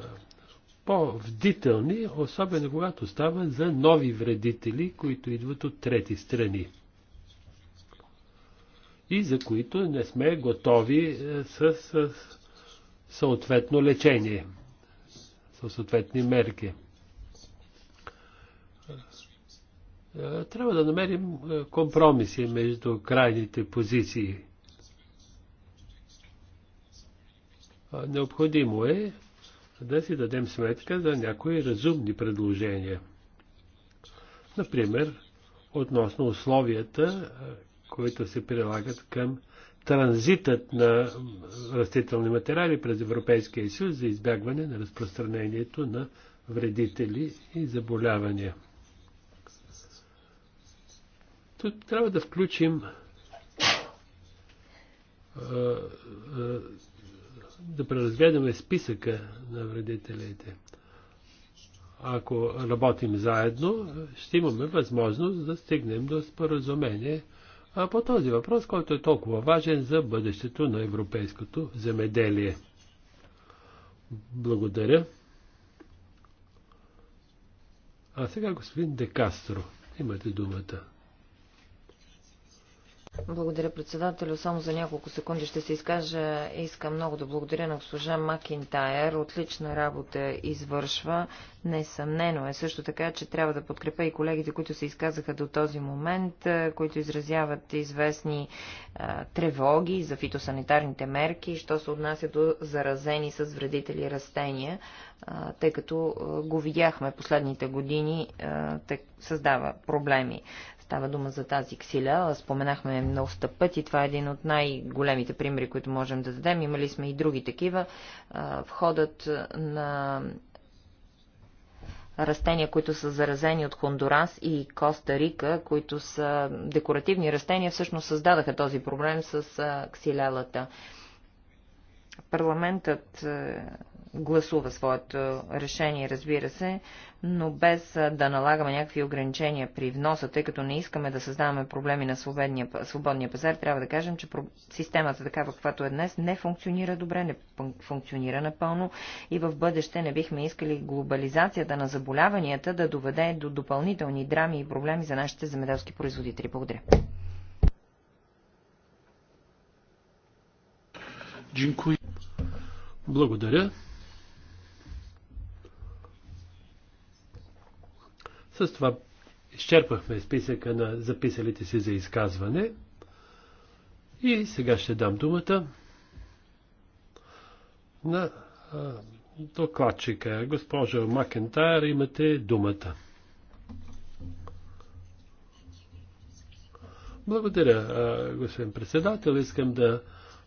по вдителни особено когато става за нови вредители, които идват от трети страни и за които не сме готови е, с, съответно лечение, с съответни мерки. Е, трябва да намерим е, компромиси между крайните позиции. Необходимо е да си дадем сметка за някои разумни предложения. Например, относно условията, е, които се прилагат към транзитът на растителни материали през Европейския съюз за избягване на разпространението на вредители и заболявания. Тук трябва да включим да преразгледаме списъка на вредителите. Ако работим заедно, ще имаме възможност да стигнем до споразумение а по този въпрос, който е толкова важен за бъдещето на европейското земеделие. Благодаря. А сега господин Декастро, имате думата. Благодаря, председателю. Само за няколко секунди ще се изкажа. Искам много да благодаря на госпожа Макинтайер. Отлична работа извършва. Несъмнено е също така, че трябва да подкрепа и колегите, които се изказаха до този момент, които изразяват известни а, тревоги за фитосанитарните мерки, що се отнася до заразени с вредители растения, а, тъй като а, го видяхме последните години, а, тък, създава проблеми. Става дума за тази ксиля. Споменахме много пъти. Това е един от най-големите примери, които можем да дадем. Имали сме и други такива. Входът на растения, които са заразени от Хондурас и Коста Рика, които са декоративни растения, всъщност създадаха този проблем с ксилелата. Парламентът гласува своето решение, разбира се, но без да налагаме някакви ограничения при вноса, тъй като не искаме да създаваме проблеми на свободния, свободния пазар, трябва да кажем, че системата такава, каквато е днес, не функционира добре, не функционира напълно и в бъдеще не бихме искали глобализацията на заболяванията да доведе до допълнителни драми и проблеми за нашите земеделски производители. Благодаря. Благодаря. С това изчерпахме списъка на записалите се за изказване. И сега ще дам думата на а, докладчика. Госпожо Макентайр, имате думата. Благодаря, господин председател. Искам да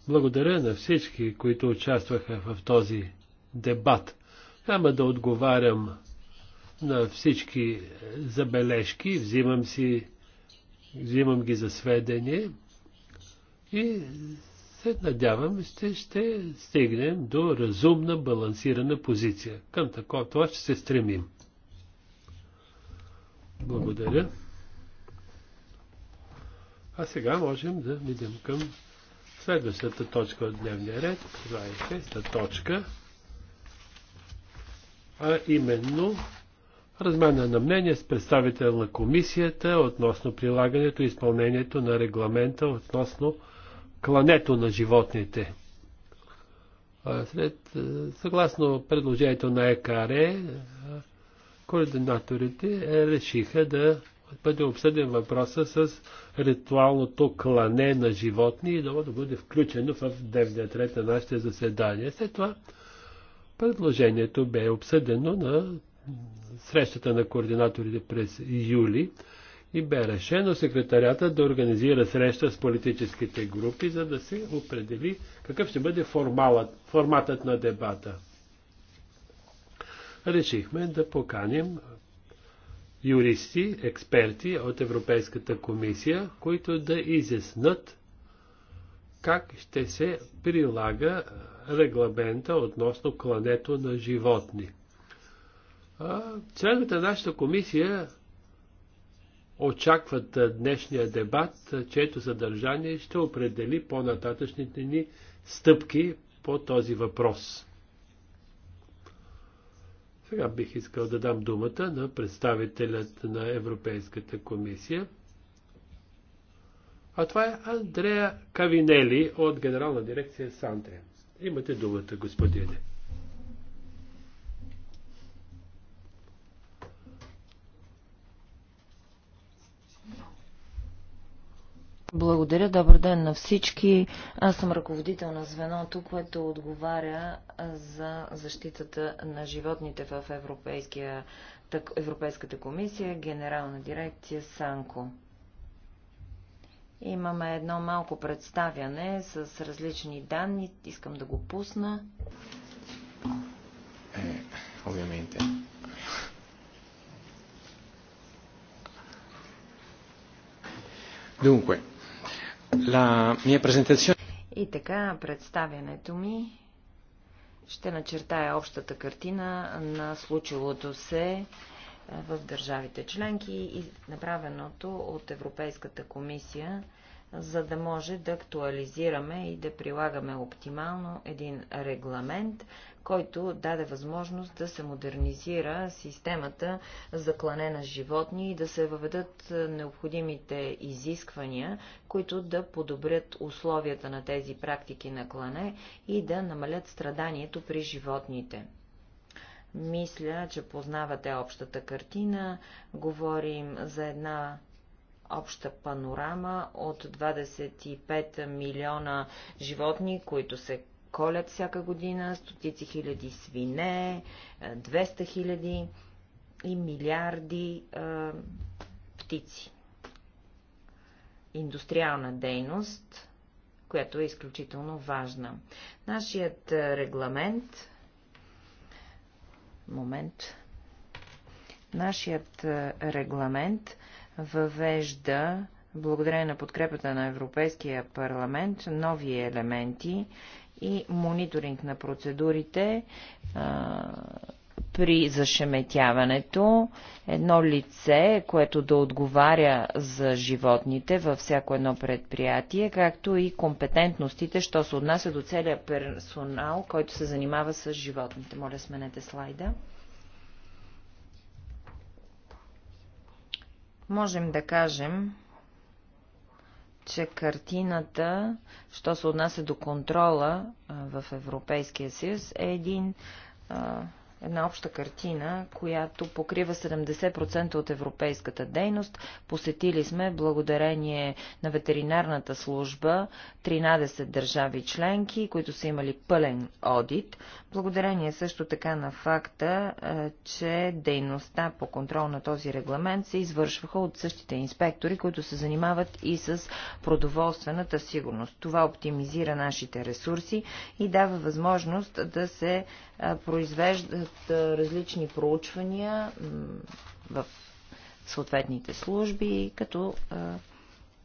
благодаря на всички, които участваха в този дебат. Няма да отговарям на всички забележки, взимам, си, взимам ги за сведение и се надявам, ще, ще стигнем до разумна, балансирана позиция. Към такова това ще се стремим. Благодаря. А сега можем да видим към следващата точка от дневния ред, 26-та е точка, а именно размяна на мнение с представител на комисията относно прилагането и изпълнението на регламента относно клането на животните. След, съгласно предложението на ЕКАРЕ, координаторите е, решиха да бъде обсъден въпроса с ритуалното клане на животни и да бъде включено в дневния ред на нашите заседания. След това предложението бе обсъдено на срещата на координаторите през юли и бе решено секретарята да организира среща с политическите групи, за да се определи какъв ще бъде формалът, форматът на дебата. Решихме да поканим юристи, експерти от Европейската комисия, които да изяснат как ще се прилага регламента относно клането на животни. Членовете на нашата комисия очакват днешния дебат, чието съдържание ще определи по-нататъчните ни стъпки по този въпрос. Сега бих искал да дам думата на представителят на Европейската комисия. А това е Андрея Кавинели от Генерална дирекция Сантре. Имате думата, господине. Благодаря. Добър ден на всички. Аз съм ръководител на звеното, което отговаря за защитата на животните в Европейската комисия, генерална дирекция Санко. Имаме едно малко представяне с различни данни. Искам да го пусна. Е, обяменте. Dunque, La mia presentazione... И така, представянето ми ще начертая общата картина на случилото се е, в държавите членки и направеното от Европейската комисия за да може да актуализираме и да прилагаме оптимално един регламент, който даде възможност да се модернизира системата за клане на животни и да се въведат е, необходимите изисквания, които да подобрят условията на тези практики на клане и да намалят страданието при животните. Мисля, че познавате общата картина. Говорим за една обща панорама от 25 милиона животни, които се колят всяка година, стотици хиляди свине, 200 е, хиляди и милиарди е, птици. Индустриална дейност, която е изключително важна. Нашият е, регламент. Момент. Нашият е, регламент въвежда, благодарение на подкрепата на Европейския парламент, нови елементи и мониторинг на процедурите а, при зашеметяването. Едно лице, което да отговаря за животните във всяко едно предприятие, както и компетентностите, що се отнася до целият персонал, който се занимава с животните. Моля, сменете слайда. Можем да кажем, че картината, що се отнася до контрола в Европейския съюз, е един а, една обща картина, която покрива 70% от европейската дейност. Посетили сме, благодарение на ветеринарната служба, 13 държави членки, които са имали пълен одит. Благодарение също така на факта, че дейността по контрол на този регламент се извършваха от същите инспектори, които се занимават и с продоволствената сигурност. Това оптимизира нашите ресурси и дава възможност да се произвеждат различни проучвания в съответните служби, като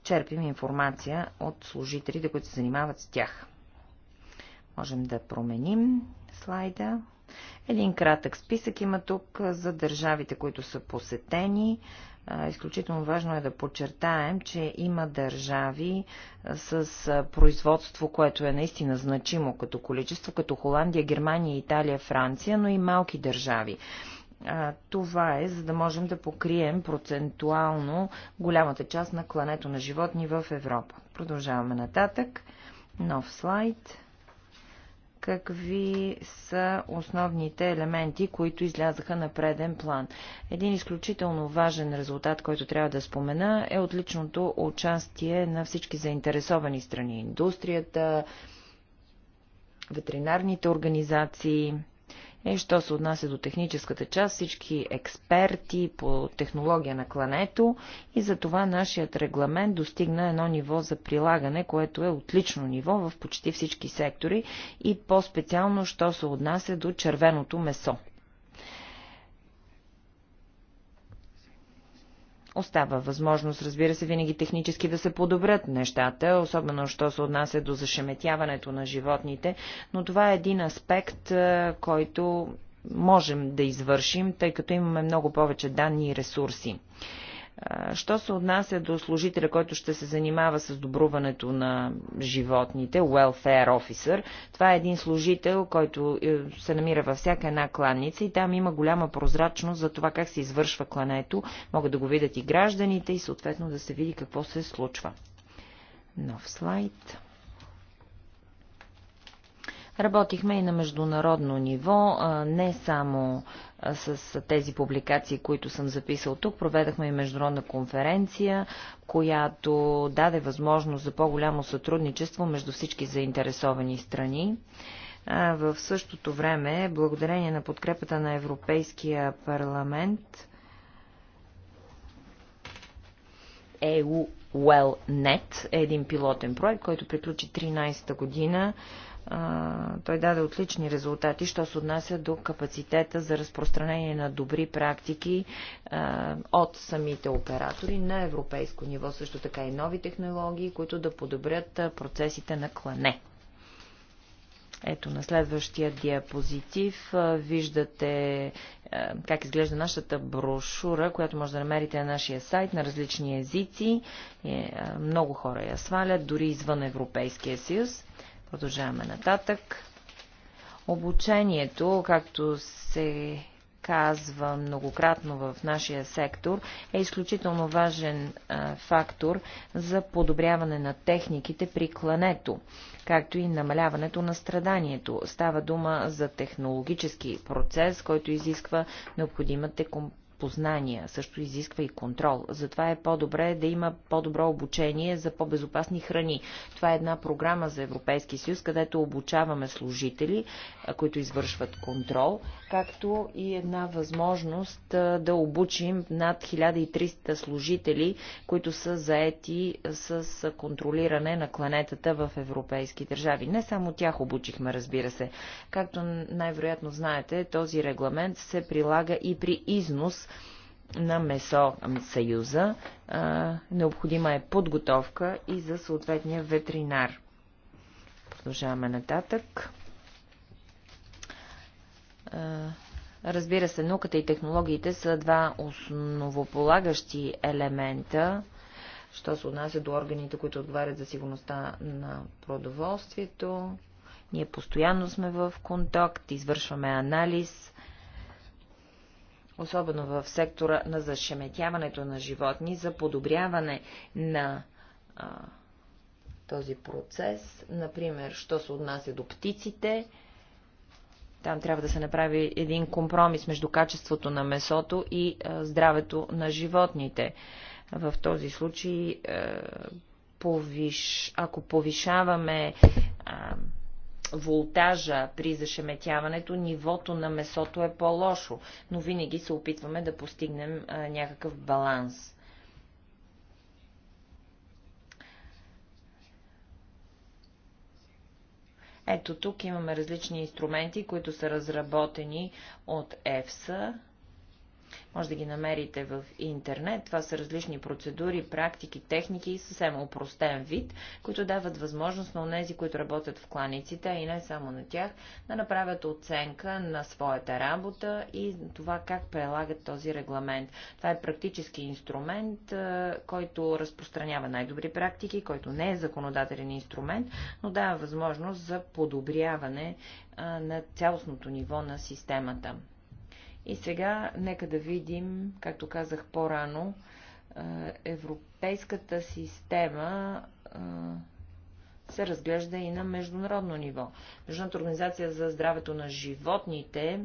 черпим информация от служителите, които се занимават с тях. Можем да променим слайда. Един кратък списък има тук за държавите, които са посетени Изключително важно е да подчертаем, че има държави с производство, което е наистина значимо като количество, като Холандия, Германия, Италия, Франция, но и малки държави. Това е, за да можем да покрием процентуално голямата част на клането на животни в Европа. Продължаваме нататък. Нов слайд какви са основните елементи, които излязаха на преден план. Един изключително важен резултат, който трябва да спомена, е отличното участие на всички заинтересовани страни. Индустрията, ветеринарните организации, и е, що се отнася до техническата част, всички експерти по технология на клането и за това нашият регламент достигна едно ниво за прилагане, което е отлично ниво в почти всички сектори и по-специално, що се отнася до червеното месо. Остава възможност, разбира се, винаги технически да се подобрят нещата, особено що се отнася до зашеметяването на животните, но това е един аспект, който можем да извършим, тъй като имаме много повече данни и ресурси. Що се отнася до служителя, който ще се занимава с добруването на животните, welfare officer, това е един служител, който е, се намира във всяка една кланница и там има голяма прозрачност за това как се извършва клането. Могат да го видят и гражданите и съответно да се види какво се случва. Нов слайд. Работихме и на международно ниво, не само с тези публикации, които съм записал тук. Проведахме и международна конференция, която даде възможност за по-голямо сътрудничество между всички заинтересовани страни. В същото време, благодарение на подкрепата на Европейския парламент, EU WellNet е един пилотен проект, който приключи 13-та година той даде отлични резултати, що се отнася до капацитета за разпространение на добри практики а, от самите оператори на европейско ниво, също така и нови технологии, които да подобрят процесите на клане. Ето на следващия диапозитив виждате как изглежда нашата брошура, която може да намерите на нашия сайт на различни езици. Е, много хора я свалят, дори извън Европейския съюз. Продължаваме нататък. Обучението, както се казва многократно в нашия сектор, е изключително важен фактор за подобряване на техниките при клането, както и намаляването на страданието. Става дума за технологически процес, който изисква необходимите компетенции познания, също изисква и контрол. Затова е по-добре да има по-добро обучение за по-безопасни храни. Това е една програма за Европейски съюз, където обучаваме служители, които извършват контрол, както и една възможност да обучим над 1300 служители, които са заети с контролиране на кланетата в европейски държави. Не само тях обучихме, разбира се. Както най-вероятно знаете, този регламент се прилага и при износ на месо съюза. Необходима е подготовка и за съответния ветеринар. Продължаваме нататък. Разбира се, науката и технологиите са два основополагащи елемента, що се отнася до органите, които отговарят за сигурността на продоволствието. Ние постоянно сме в контакт, извършваме анализ особено в сектора на зашеметяването на животни, за подобряване на а, този процес. Например, що се отнася до птиците, там трябва да се направи един компромис между качеството на месото и а, здравето на животните. В този случай, а, повиш, ако повишаваме а, волтажа при зашеметяването, нивото на месото е по-лошо, но винаги се опитваме да постигнем а, някакъв баланс. Ето тук имаме различни инструменти, които са разработени от EFSA може да ги намерите в интернет. Това са различни процедури, практики, техники и съвсем упростен вид, които дават възможност на тези, които работят в кланиците, и не само на тях, да направят оценка на своята работа и това как прилагат този регламент. Това е практически инструмент, който разпространява най-добри практики, който не е законодателен инструмент, но дава възможност за подобряване на цялостното ниво на системата. И сега нека да видим, както казах по-рано, е, европейската система е, се разглежда и на международно ниво. Международната организация за здравето на животните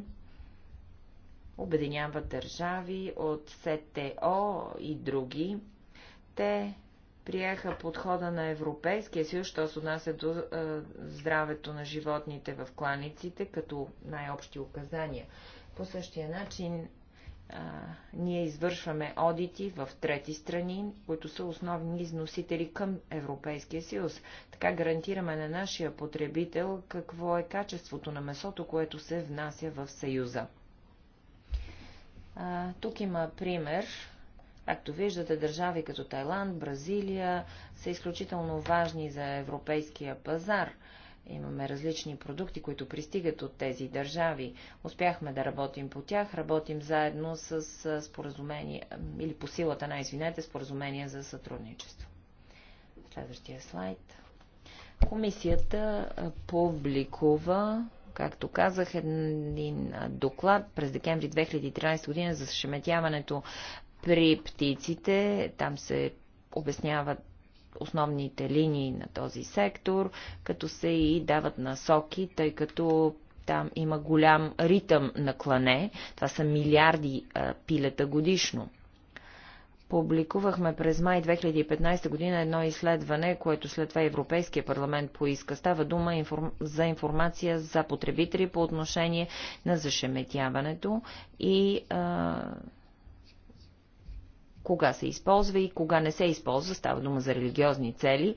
обединява държави от СТО и други. Те приеха подхода на Европейския съюз, що се отнася до е, здравето на животните в кланиците, като най-общи указания. По същия начин а, ние извършваме одити в трети страни, които са основни износители към Европейския съюз. Така гарантираме на нашия потребител какво е качеството на месото, което се внася в съюза. А, тук има пример. Както виждате, държави като Тайланд, Бразилия са изключително важни за европейския пазар – Имаме различни продукти, които пристигат от тези държави. Успяхме да работим по тях. Работим заедно с споразумение, или по силата на, извинете, споразумение за сътрудничество. Следващия слайд. Комисията публикува, както казах, един доклад през декември 2013 година за шеметяването при птиците. Там се обясняват основните линии на този сектор, като се и дават насоки, тъй като там има голям ритъм на клане. Това са милиарди а, пилета годишно. Публикувахме през май 2015 година едно изследване, което след това Европейския парламент поиска. Става дума информ... за информация за потребители по отношение на зашеметяването и а, кога се използва и кога не се използва, става дума за религиозни цели.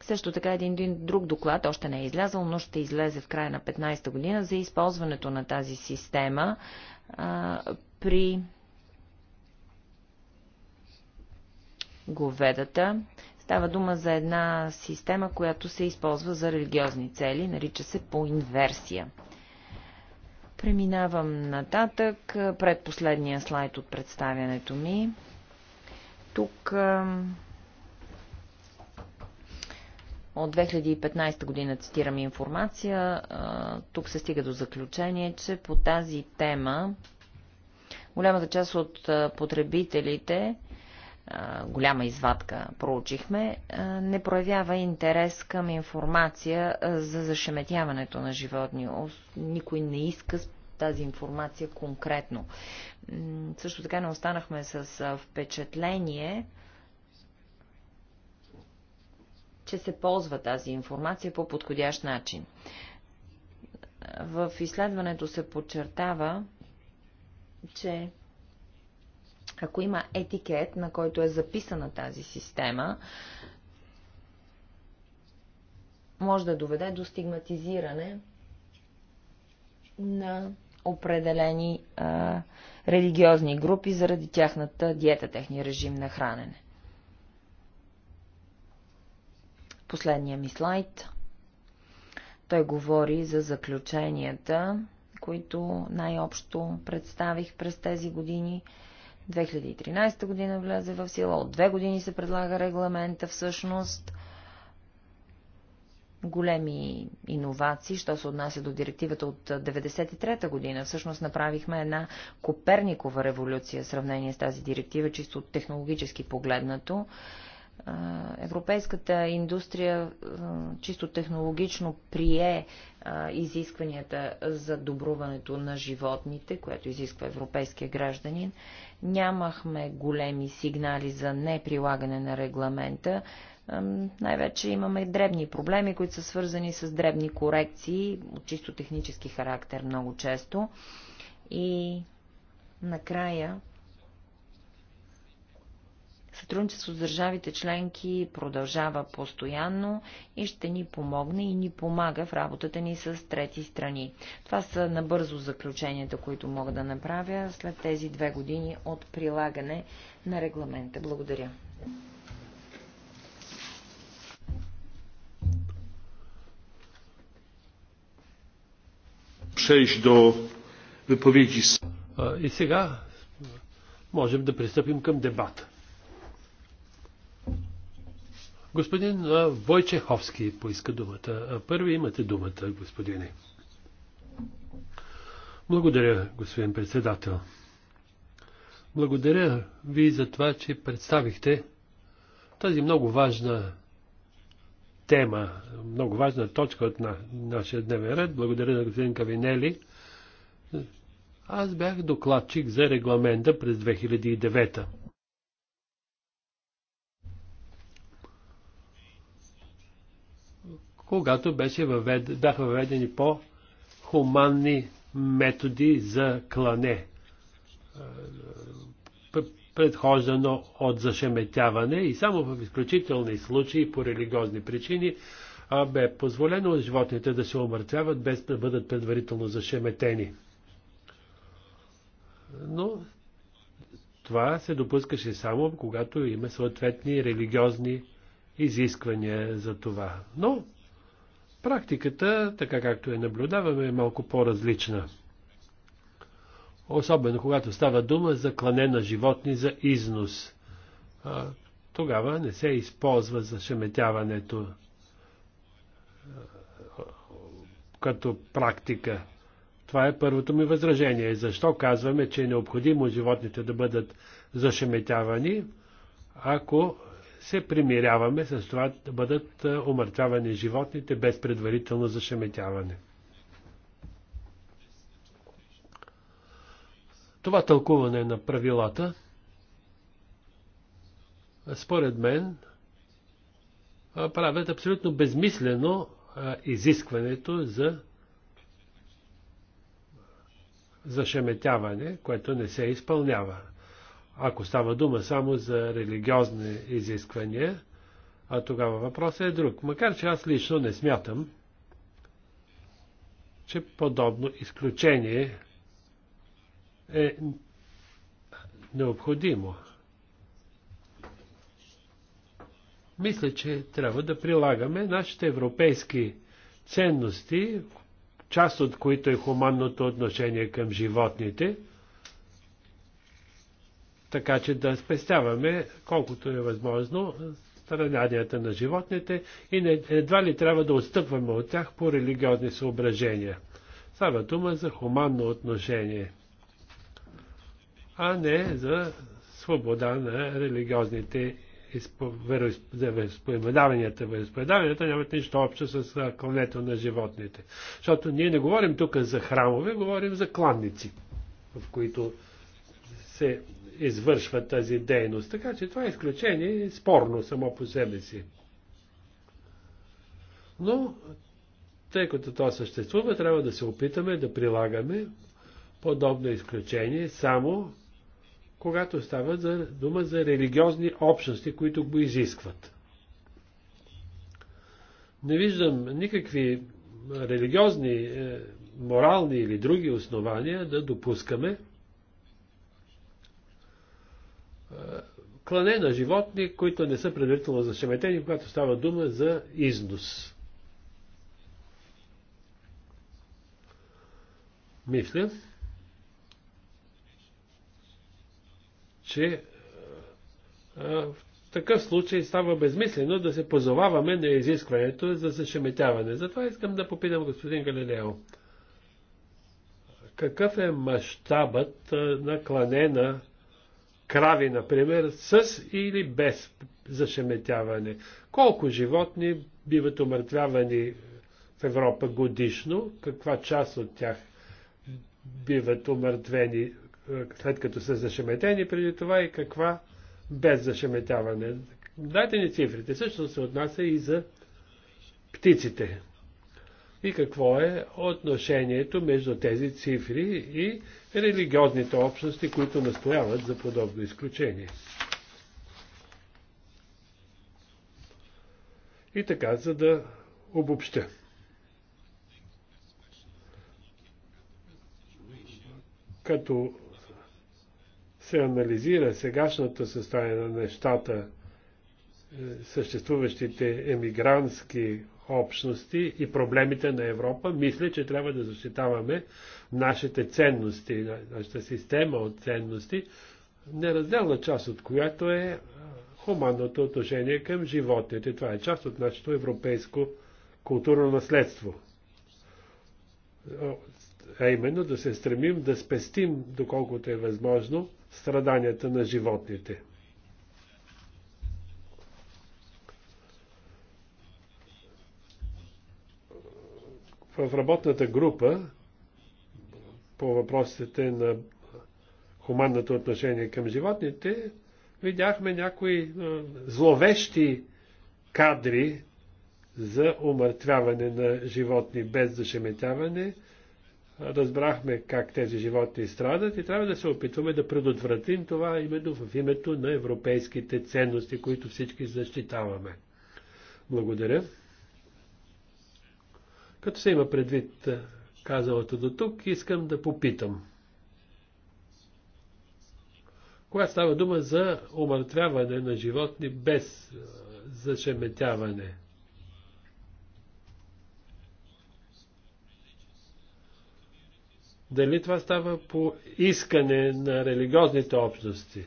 Също така един, един друг доклад още не е излязъл, но ще излезе в края на 15-та година за използването на тази система а, при говедата. Става дума за една система, която се използва за религиозни цели, нарича се по инверсия. Преминавам нататък пред последния слайд от представянето ми. Тук от 2015 година цитирам информация. Тук се стига до заключение, че по тази тема голямата част от потребителите голяма извадка проучихме, не проявява интерес към информация за зашеметяването на животни. Никой не иска тази информация конкретно. Също така не останахме с впечатление, че се ползва тази информация по подходящ начин. В изследването се подчертава, че ако има етикет, на който е записана тази система, може да доведе до стигматизиране на определени а, религиозни групи заради тяхната диета, техния режим на хранене. Последния ми слайд. Той говори за заключенията, които най-общо представих през тези години. 2013 година влезе в сила, от две години се предлага регламента всъщност. Големи иновации, що се отнася до директивата от 1993 година. Всъщност направихме една Коперникова революция в сравнение с тази директива, чисто технологически погледнато европейската индустрия чисто технологично прие изискванията за добруването на животните, което изисква европейския гражданин. Нямахме големи сигнали за неприлагане на регламента. Най-вече имаме дребни проблеми, които са свързани с дребни корекции от чисто технически характер много често. И накрая Сътрудничество с държавите членки продължава постоянно и ще ни помогне и ни помага в работата ни с трети страни. Това са набързо заключенията, които мога да направя след тези две години от прилагане на регламента. Благодаря. przejść do сега можем да пристъпим към дебата. Господин Войчеховски поиска думата. Първи имате думата, господине. Благодаря, господин председател. Благодаря ви за това, че представихте тази много важна тема, много важна точка от на, нашия дневен ред. Благодаря на господин Кавинели. Аз бях докладчик за регламента през 2009. когато беше въвед, бяха въведени по-хуманни методи за клане, е, предхождано от зашеметяване и само в изключителни случаи по религиозни причини бе позволено животните да се омъртвяват без да бъдат предварително зашеметени. Но това се допускаше само когато има съответни религиозни изисквания за това. Но Практиката, така както я наблюдаваме, е малко по-различна. Особено когато става дума за клане на животни за износ. А, тогава не се използва за шеметяването като практика. Това е първото ми възражение. Защо казваме, че е необходимо животните да бъдат зашеметявани, ако се примиряваме с това да бъдат омъртвявани е, животните без предварително зашеметяване. Това тълкуване на правилата, според мен, е, правят абсолютно безмислено е, изискването за зашеметяване, което не се изпълнява. Ако става дума само за религиозни изисквания, а тогава въпросът е друг. Макар че аз лично не смятам, че подобно изключение е необходимо. Мисля, че трябва да прилагаме нашите европейски ценности, част от които е хуманното отношение към животните – така че да спестяваме колкото е възможно страданията на животните и едва ли трябва да отстъпваме от тях по религиозни съображения. Става дума за хуманно отношение, а не за свобода на религиозните изпо... вероисповеданията. Вероисповеданията нямат нищо общо с клането на животните. Защото ние не говорим тук за храмове, говорим за кланници, в които се извършват тази дейност. Така че това е изключение е спорно само по себе си. Но, тъй като то съществува, трябва да се опитаме да прилагаме подобно изключение само когато става за, дума за религиозни общности, които го изискват. Не виждам никакви религиозни, е, морални или други основания да допускаме клане на животни, които не са предварително зашеметени, когато става дума за износ. Мисля, че в такъв случай става безмислено да се позоваваме на изискването за зашеметяване. Затова искам да попитам господин Галилео. Какъв е мащабът на клане на крави, например, с или без зашеметяване. Колко животни биват умъртвявани в Европа годишно, каква част от тях биват умъртвени е, след като са зашеметени преди това и каква без зашеметяване. Дайте ни цифрите. Също се отнася и за птиците и какво е отношението между тези цифри и религиозните общности, които настояват за подобно изключение. И така, за да обобща. Като се анализира сегашното състояние на нещата, е, съществуващите емигрантски общности и проблемите на Европа, мисля, че трябва да защитаваме нашите ценности, нашата система от ценности, неразделна част от която е хуманното отношение към животните. Това е част от нашето европейско културно наследство. А именно да се стремим да спестим, доколкото е възможно, страданията на животните. В работната група по въпросите на хуманното отношение към животните видяхме някои е, зловещи кадри за умъртвяване на животни без зашеметяване. Разбрахме как тези животни страдат и трябва да се опитваме да предотвратим това именно в името на европейските ценности, които всички защитаваме. Благодаря. Като се има предвид е, казалото до тук, искам да попитам. Когато става дума за омъртвяване на животни без е, зашеметяване, дали това става по искане на религиозните общности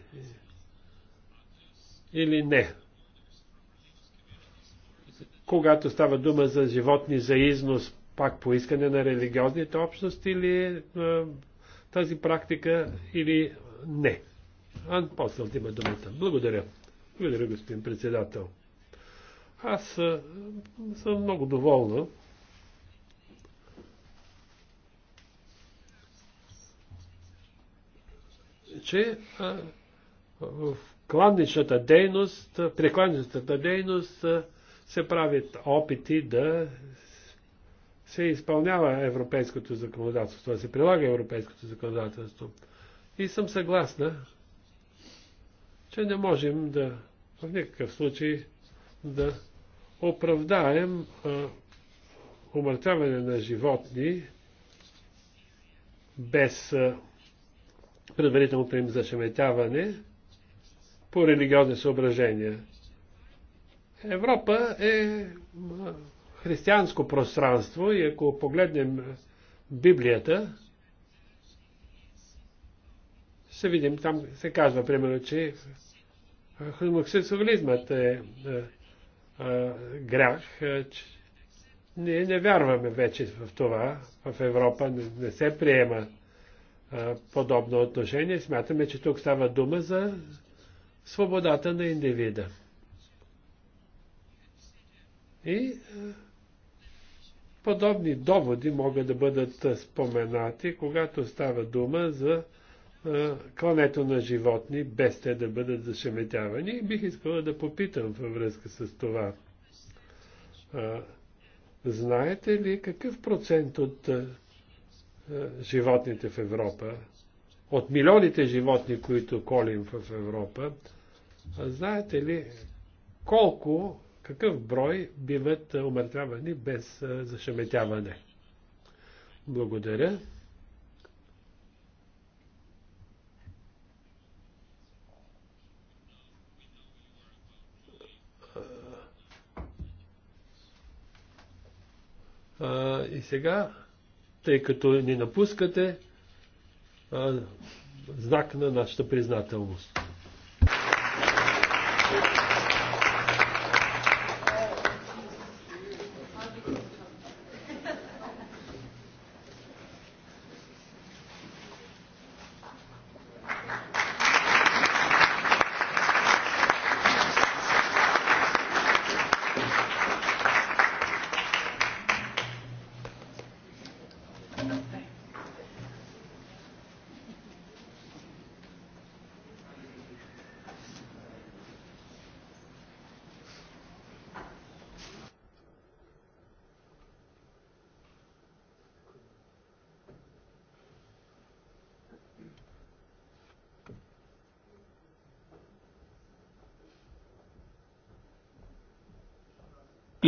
или не? когато става дума за животни за износ, пак по искане на религиозните общности или е, тази практика или не. Ан Посъл има думата. Благодаря. Благодаря, господин председател. Аз е, съм много доволна. че а, е, в кланничната дейност, при кланничната дейност а, се правят опити да се изпълнява европейското законодателство, да се прилага европейското законодателство. И съм съгласна, че не можем да в никакъв случай да оправдаем а, умъртвяване на животни без предварителното им зашеметяване по религиозни съображения. Европа е, е християнско пространство и ако погледнем Библията, ще видим, там се казва, примерно, че хомосексуализмът е, е, е грях. Ние не вярваме вече в това. В Европа не, не се приема подобно отношение. Смятаме, че тук става дума за свободата на индивида. И е, подобни доводи могат да бъдат е, споменати, когато става дума за е, клането на животни, без те да бъдат зашеметявани. И бих искала да попитам във връзка с това. Знаете ли какъв процент от животните в Европа, от милионите животни, които колим в Европа, знаете ли колко какъв брой биват е, умъртвявани без е, зашеметяване. Благодаря. А, и сега, тъй като ни напускате, а, знак на нашата признателност.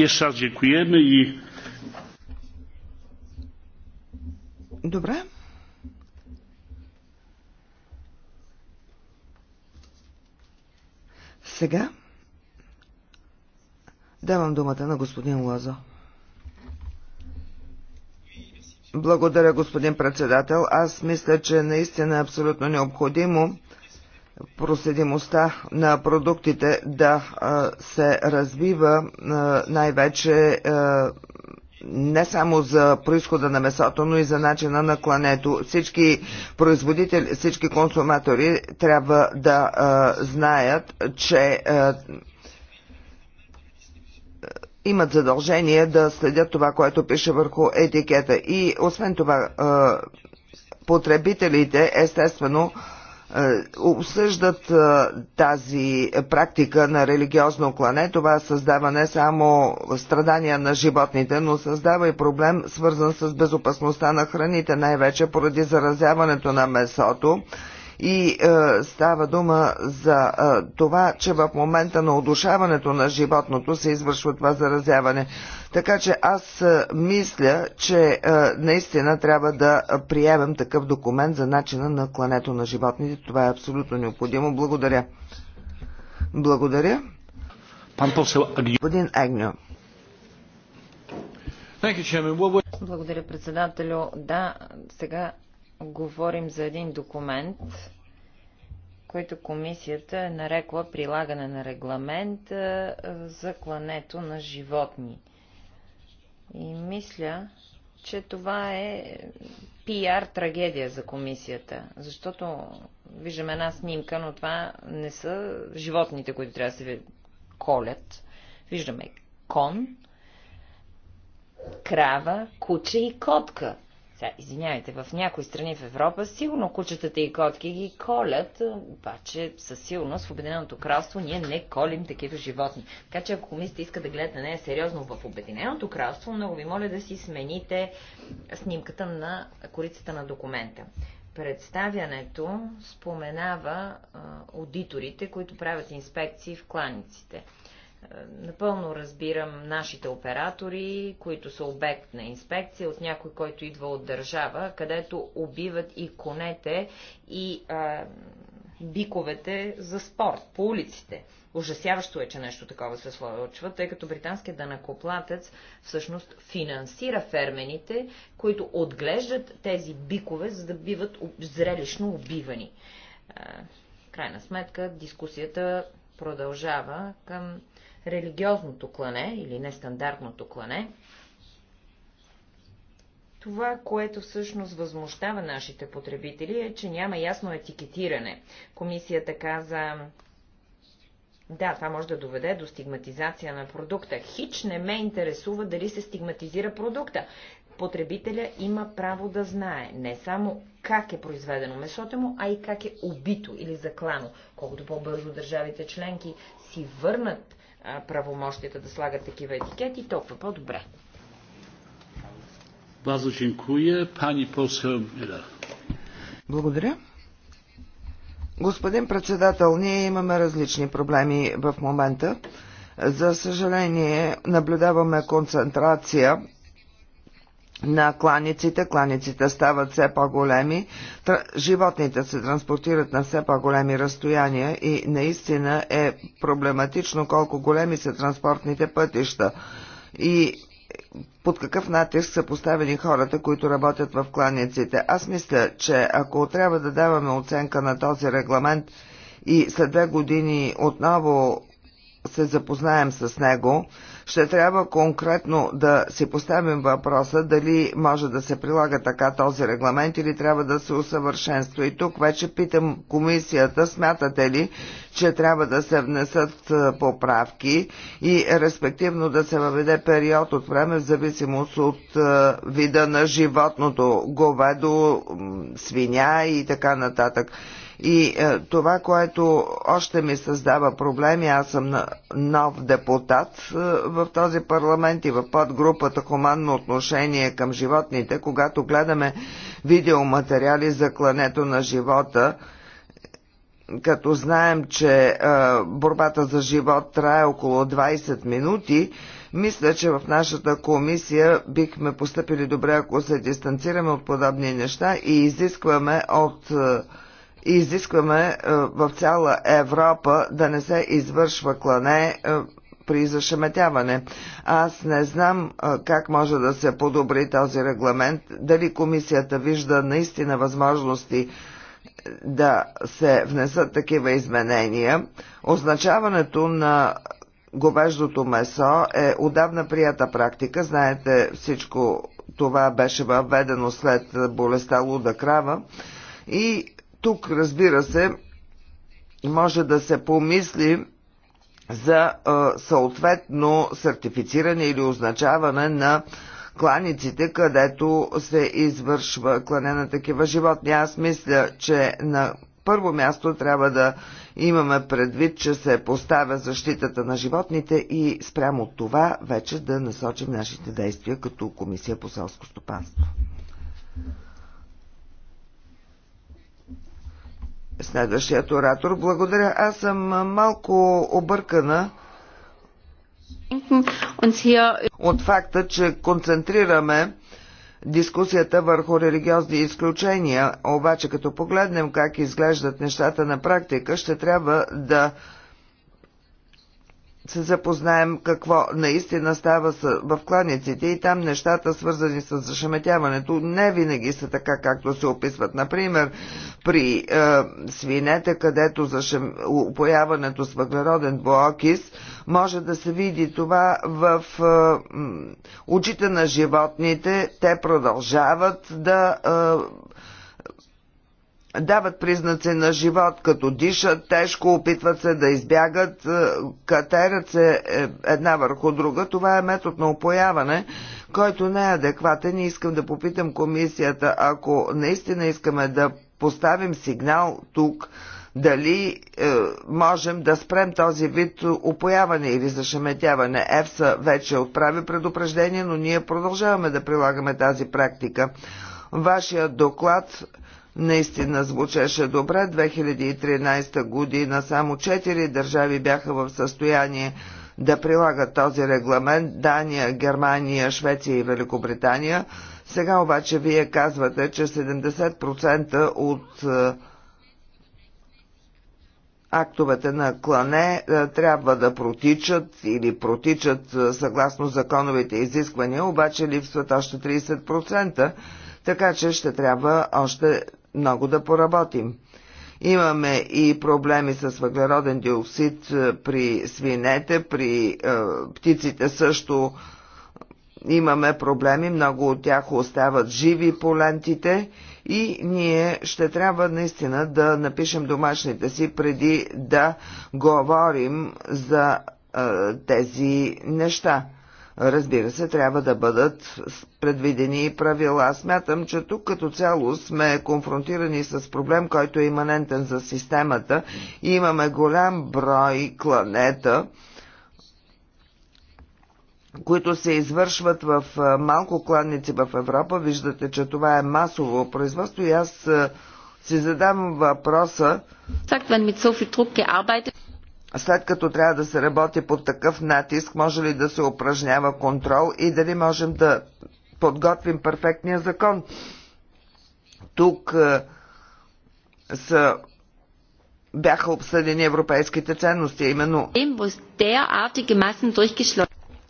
Jeszcze raz dziękujemy i... Dobra. Сега давам думата на господин Лазо. Благодаря, господин председател. Аз мисля, че наистина е абсолютно необходимо проследимостта на продуктите да се развива най-вече не само за происхода на месото, но и за начина на клането. Всички производители, всички консуматори трябва да знаят, че имат задължение да следят това, което пише върху етикета. И освен това, потребителите естествено е, обсъждат е, тази практика на религиозно клане. Това създава не само страдания на животните, но създава и проблем свързан с безопасността на храните, най-вече поради заразяването на месото и е, става дума за е, това, че в момента на удушаването на животното се извършва това заразяване. Така че аз е, мисля, че е, наистина трябва да приемем такъв документ за начина на клането на животните. Това е абсолютно необходимо. Благодаря. Благодаря. Господин Агнио. Благодаря, председателю. Да, сега говорим за един документ, който комисията е нарекла прилагане на регламент за клането на животни. И мисля, че това е пиар трагедия за комисията, защото виждам една снимка, но това не са животните, които трябва да се колят. Виждаме кон, крава, куче и котка. Сега, извинявайте, в някои страни в Европа сигурно кучетата и котки ги колят, обаче със сигурност в Обединеното кралство ние не колим такива животни. Така че ако комисията иска да гледате нея сериозно в Обединеното кралство, много ви моля да си смените снимката на корицата на документа. Представянето споменава а, аудиторите, които правят инспекции в кланиците. Напълно разбирам нашите оператори, които са обект на инспекция от някой, който идва от държава, където убиват и конете, и а, биковете за спорт по улиците. Ужасяващо е, че нещо такова се случва, тъй като британският данакоплатец всъщност финансира фермените, които отглеждат тези бикове, за да биват зрелищно убивани. А, крайна сметка дискусията продължава към религиозното клане или нестандартното клане, това, което всъщност възмущава нашите потребители е, че няма ясно етикетиране. Комисията каза, да, това може да доведе до стигматизация на продукта. Хич не ме интересува дали се стигматизира продукта. Потребителя има право да знае не само как е произведено месото му, а и как е убито или заклано. Колкото по-бързо държавите членки си върнат правомощията да слагат такива етикети, толкова по-добре. Благодаря. Господин председател, ние имаме различни проблеми в момента. За съжаление, наблюдаваме концентрация на кланиците. Кланиците стават все по-големи, животните се транспортират на все по-големи разстояния и наистина е проблематично колко големи са транспортните пътища. И под какъв натиск са поставени хората, които работят в кланиците. Аз мисля, че ако трябва да даваме оценка на този регламент и след две години отново се запознаем с него, ще трябва конкретно да си поставим въпроса дали може да се прилага така този регламент или трябва да се усъвършенства. И тук вече питам комисията, смятате ли, че трябва да се внесат поправки и респективно да се въведе период от време в зависимост от вида на животното, говедо, свиня и така нататък. И е, това, което още ми създава проблеми, аз съм нов депутат е, в този парламент и в подгрупата Хуманно отношение към животните, когато гледаме видеоматериали за клането на живота, като знаем, че е, борбата за живот трае около 20 минути, мисля, че в нашата комисия бихме поступили добре, ако се дистанцираме от подобни неща и изискваме от е, изискваме е, в цяла Европа да не се извършва клане е, при зашеметяване. Аз не знам е, как може да се подобри този регламент, дали комисията вижда наистина възможности да се внесат такива изменения. Означаването на говеждото месо е отдавна прията практика. Знаете, всичко това беше въведено след болестта луда крава. И тук, разбира се, може да се помисли за съответно сертифициране или означаване на кланиците, където се извършва клане на такива животни. Аз мисля, че на първо място трябва да имаме предвид, че се поставя защитата на животните и спрямо това вече да насочим нашите действия като Комисия по селско стопанство. следващият оратор. Благодаря. Аз съм малко объркана от факта, че концентрираме дискусията върху религиозни изключения, обаче като погледнем как изглеждат нещата на практика, ще трябва да се запознаем какво наистина става в кланиците и там нещата свързани с зашеметяването не винаги са така както се описват. Например, при е, свинете, където зашем... упояването с въглероден двуокис може да се види това в е, очите на животните, те продължават да е, дават признаци на живот, като дишат тежко, опитват се да избягат, е, катерят се е, една върху друга. Това е метод на опояване, който не е адекватен и искам да попитам комисията, ако наистина искаме да поставим сигнал тук, дали е, можем да спрем този вид опояване или зашеметяване. ЕФСА вече отправи предупреждение, но ние продължаваме да прилагаме тази практика. Вашия доклад наистина звучеше добре. 2013 година само 4 държави бяха в състояние да прилагат този регламент – Дания, Германия, Швеция и Великобритания. Сега обаче вие казвате, че 70% от е, актовете на клане е, трябва да протичат или протичат е, съгласно законовите изисквания, обаче липсват още 30%, така че ще трябва още много да поработим. Имаме и проблеми с въглероден диоксид е, при свинете, при е, птиците също имаме проблеми, много от тях остават живи по лентите и ние ще трябва наистина да напишем домашните си преди да говорим за е, тези неща. Разбира се, трябва да бъдат предвидени и правила. Аз смятам, че тук като цяло сме конфронтирани с проблем, който е иманентен за системата и имаме голям брой кланета, които се извършват в малко кладници в Европа. Виждате, че това е масово производство и аз си задам въпроса след като трябва да се работи под такъв натиск, може ли да се упражнява контрол и дали можем да подготвим перфектния закон. Тук е, са бяха обсъдени европейските ценности, именно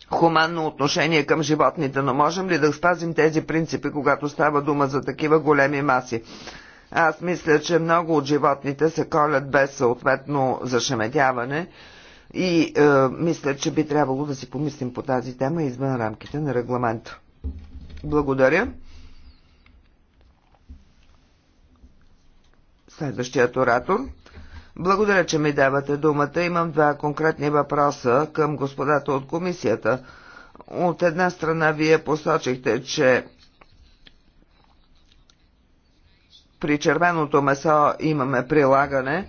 хуманно отношение към животните, но можем ли да спазим тези принципи, когато става дума за такива големи маси? Аз мисля, че много от животните се колят без съответно зашеметяване и е, мисля, че би трябвало да си помислим по тази тема извън рамките на регламента. Благодаря. Следващият оратор. Благодаря, че ми давате думата. Имам два конкретни въпроса към господата от комисията. От една страна вие посочихте, че при червеното месо имаме прилагане.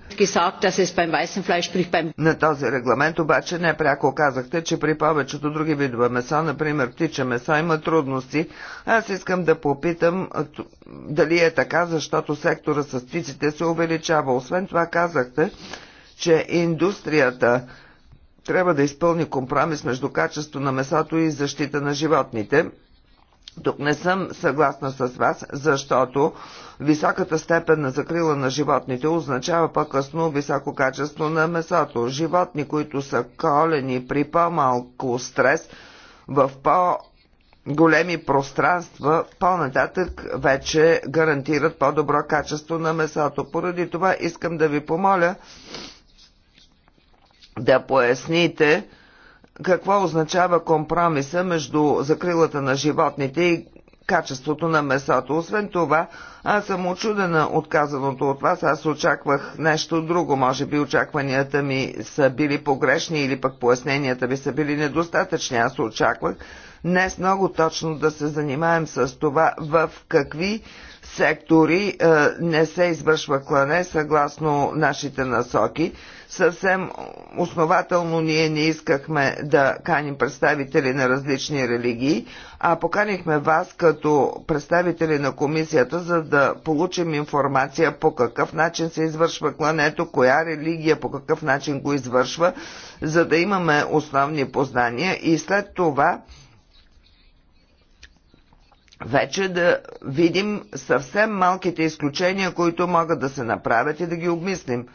На този регламент обаче не пряко казахте, че при повечето други видове месо, например птиче месо, има трудности. Аз искам да попитам дали е така, защото сектора с птиците се увеличава. Освен това казахте, че индустрията трябва да изпълни компромис между качество на месото и защита на животните. Тук не съм съгласна с вас, защото Високата степен на закрила на животните означава по-късно високо качество на месото. Животни, които са колени при по-малко стрес, в по- големи пространства, по-нататък вече гарантират по-добро качество на месото. Поради това искам да ви помоля да поясните какво означава компромиса между закрилата на животните и качеството на месото. Освен това, аз съм очудена от казаното от вас. Аз очаквах нещо друго. Може би очакванията ми са били погрешни или пък поясненията ми са били недостатъчни. Аз очаквах днес много точно да се занимаем с това в какви сектори е, не се извършва клане съгласно нашите насоки. Съвсем основателно ние не искахме да каним представители на различни религии, а поканихме вас като представители на комисията, за да получим информация по какъв начин се извършва клането, коя религия по какъв начин го извършва, за да имаме основни познания и след това вече да видим съвсем малките изключения, които могат да се направят и да ги обмислим.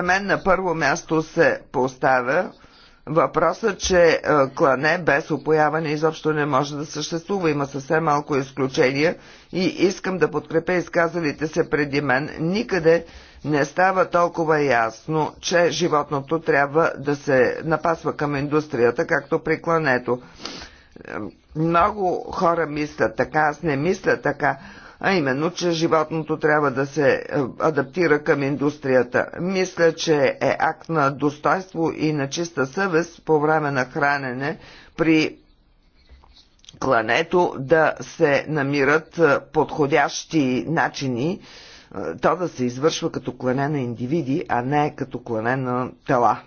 На мен на първо място се поставя въпросът, че е, клане без опояване изобщо не може да съществува. Има съвсем малко изключения и искам да подкрепя изказалите се преди мен. Никъде не става толкова ясно, че животното трябва да се напасва към индустрията, както при клането. Много хора мислят така, аз не мисля така, а именно, че животното трябва да се е, адаптира към индустрията. Мисля, че е акт на достойство и на чиста съвест по време на хранене при клането да се намират е, подходящи начини е, то да се извършва като клане на индивиди, а не като клане на тела.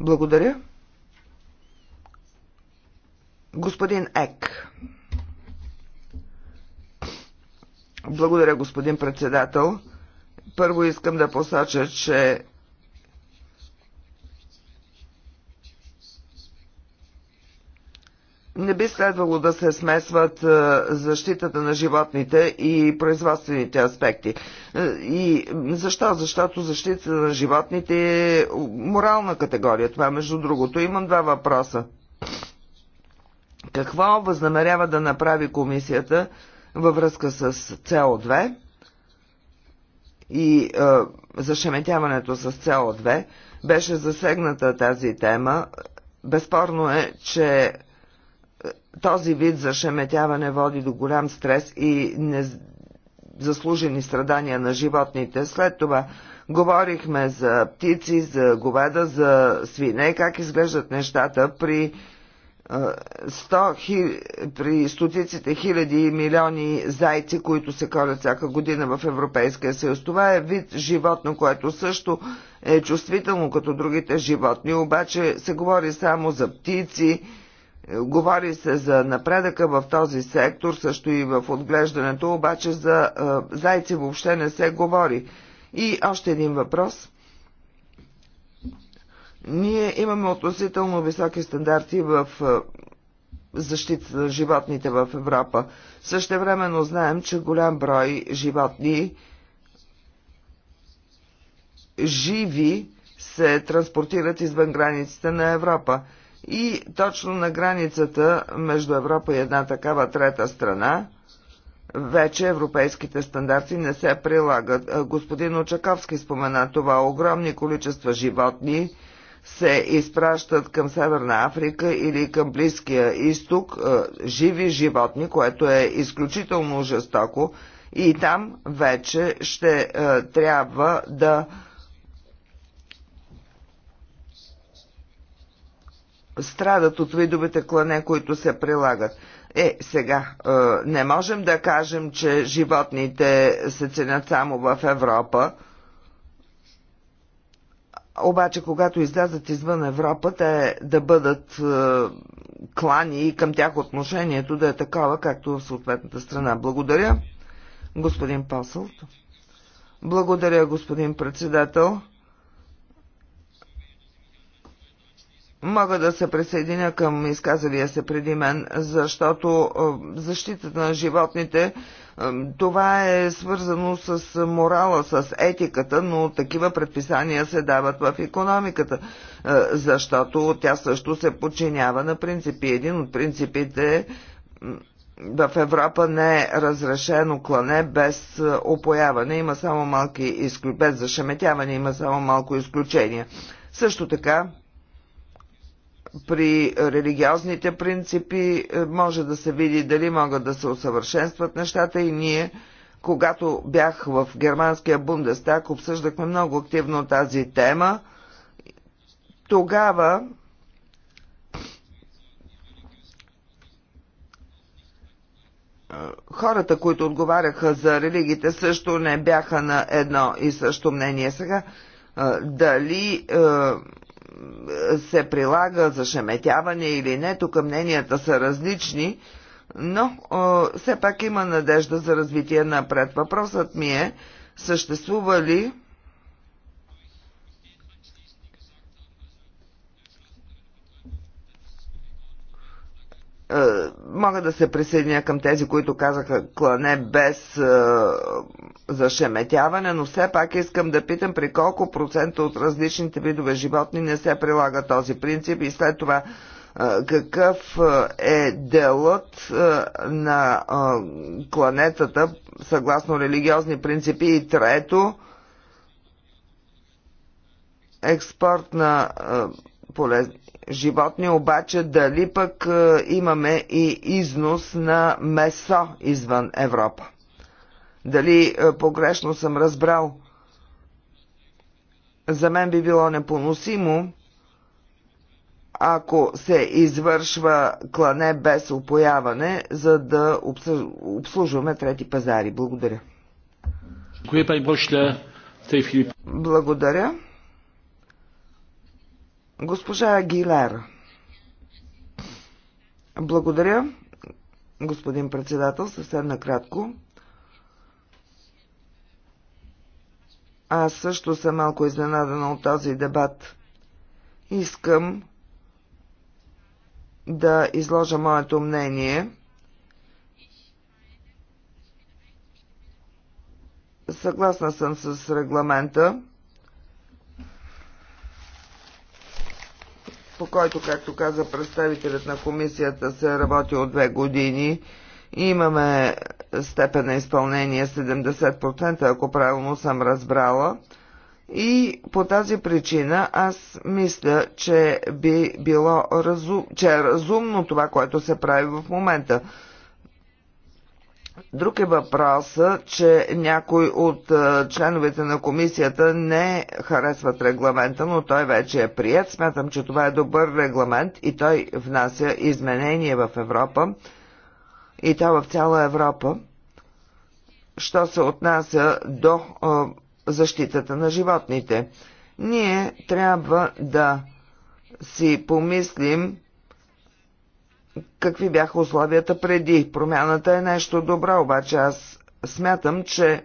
Благодаря. Господин Ек. Благодаря, господин председател. Първо искам да посоча, че не би следвало да се смесват е, защитата на животните и производствените аспекти. Е, и защо? Защото защитата на животните е морална категория. Това, е между другото, имам два въпроса. Какво възнамерява да направи комисията във връзка с CO2 и е, зашеметяването с CO2? Беше засегната тази тема. Безспорно е, че този вид зашеметяване води до голям стрес и незаслужени страдания на животните. След това говорихме за птици, за говеда, за свине, как изглеждат нещата при 100 хил... при стотиците хиляди и милиони зайци, които се колят всяка година в Европейския съюз. Това е вид животно, което също е чувствително като другите животни, обаче се говори само за птици, е, говори се за напредъка в този сектор, също и в отглеждането, обаче за е, зайци въобще не се говори. И още един въпрос – ние имаме относително високи стандарти в е, защита на животните в Европа. Същевременно знаем, че голям брой животни живи се транспортират извън границите на Европа. И точно на границата между Европа и една такава трета страна вече европейските стандарти не се прилагат. Господин Очаковски спомена това огромни количества животни, се изпращат към Северна Африка или към Близкия изток е, живи животни, което е изключително жестоко и там вече ще е, трябва да страдат от видовете клане, които се прилагат. Е, сега, е, не можем да кажем, че животните се ценят само в Европа обаче когато излязат извън Европа, те да бъдат е, клани и към тях отношението да е такова, както в съответната страна. Благодаря, господин Пасълт. Благодаря, господин председател. Мога да се присъединя към изказалия се преди мен, защото е, защитата на животните е, това е свързано с морала, с етиката, но такива предписания се дават в економиката, е, защото тя също се подчинява на принципи. Един от принципите е в Европа не е разрешено клане без е, опояване, има само малки изклю... без зашеметяване, има само малко изключения. Също така, при религиозните принципи е, може да се види дали могат да се усъвършенстват нещата и ние, когато бях в германския Бундестаг, обсъждахме много активно тази тема. Тогава хората, които отговаряха за религиите, също не бяха на едно и също мнение. Сега, дали се прилага за шеметяване или не, тук мненията са различни, но все пак има надежда за развитие напред. Въпросът ми е, съществува ли Е, мога да се присъединя към тези, които казаха клане без е, зашеметяване, но все пак искам да питам при колко процента от различните видове животни не се прилага този принцип и след това е, какъв е, е делът на кланетата съгласно религиозни принципи и трето експорт на полезни животни, обаче дали пък е, имаме и износ на месо извън Европа? Дали е, погрешно съм разбрал? За мен би било непоносимо, ако се извършва клане без опояване, за да обслужваме трети пазари. Благодаря. Благодаря. Госпожа Агилер. Благодаря, господин председател, съвсем накратко. Аз също съм малко изненадана от този дебат. Искам да изложа моето мнение. Съгласна съм с регламента. по който, както каза представителят на комисията, се работи от две години. Имаме степен на изпълнение 70%, ако правилно съм разбрала. И по тази причина аз мисля, че би било разум, че е разумно това, което се прави в момента. Друг е въпроса, че някой от е, членовете на комисията не харесват регламента, но той вече е прият. Смятам, че това е добър регламент и той внася изменения в Европа и то в цяла Европа, що се отнася до е, защитата на животните. Ние трябва да си помислим какви бяха условията преди. Промяната е нещо добро, обаче аз смятам, че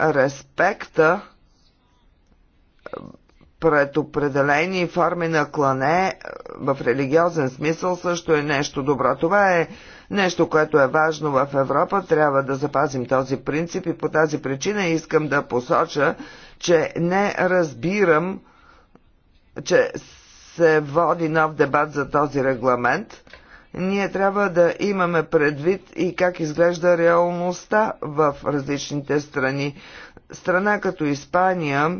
респекта пред определени форми на клане в религиозен смисъл също е нещо добро. Това е нещо, което е важно в Европа. Трябва да запазим този принцип и по тази причина искам да посоча, че не разбирам, че се води нов дебат за този регламент, ние трябва да имаме предвид и как изглежда реалността в различните страни. Страна като Испания,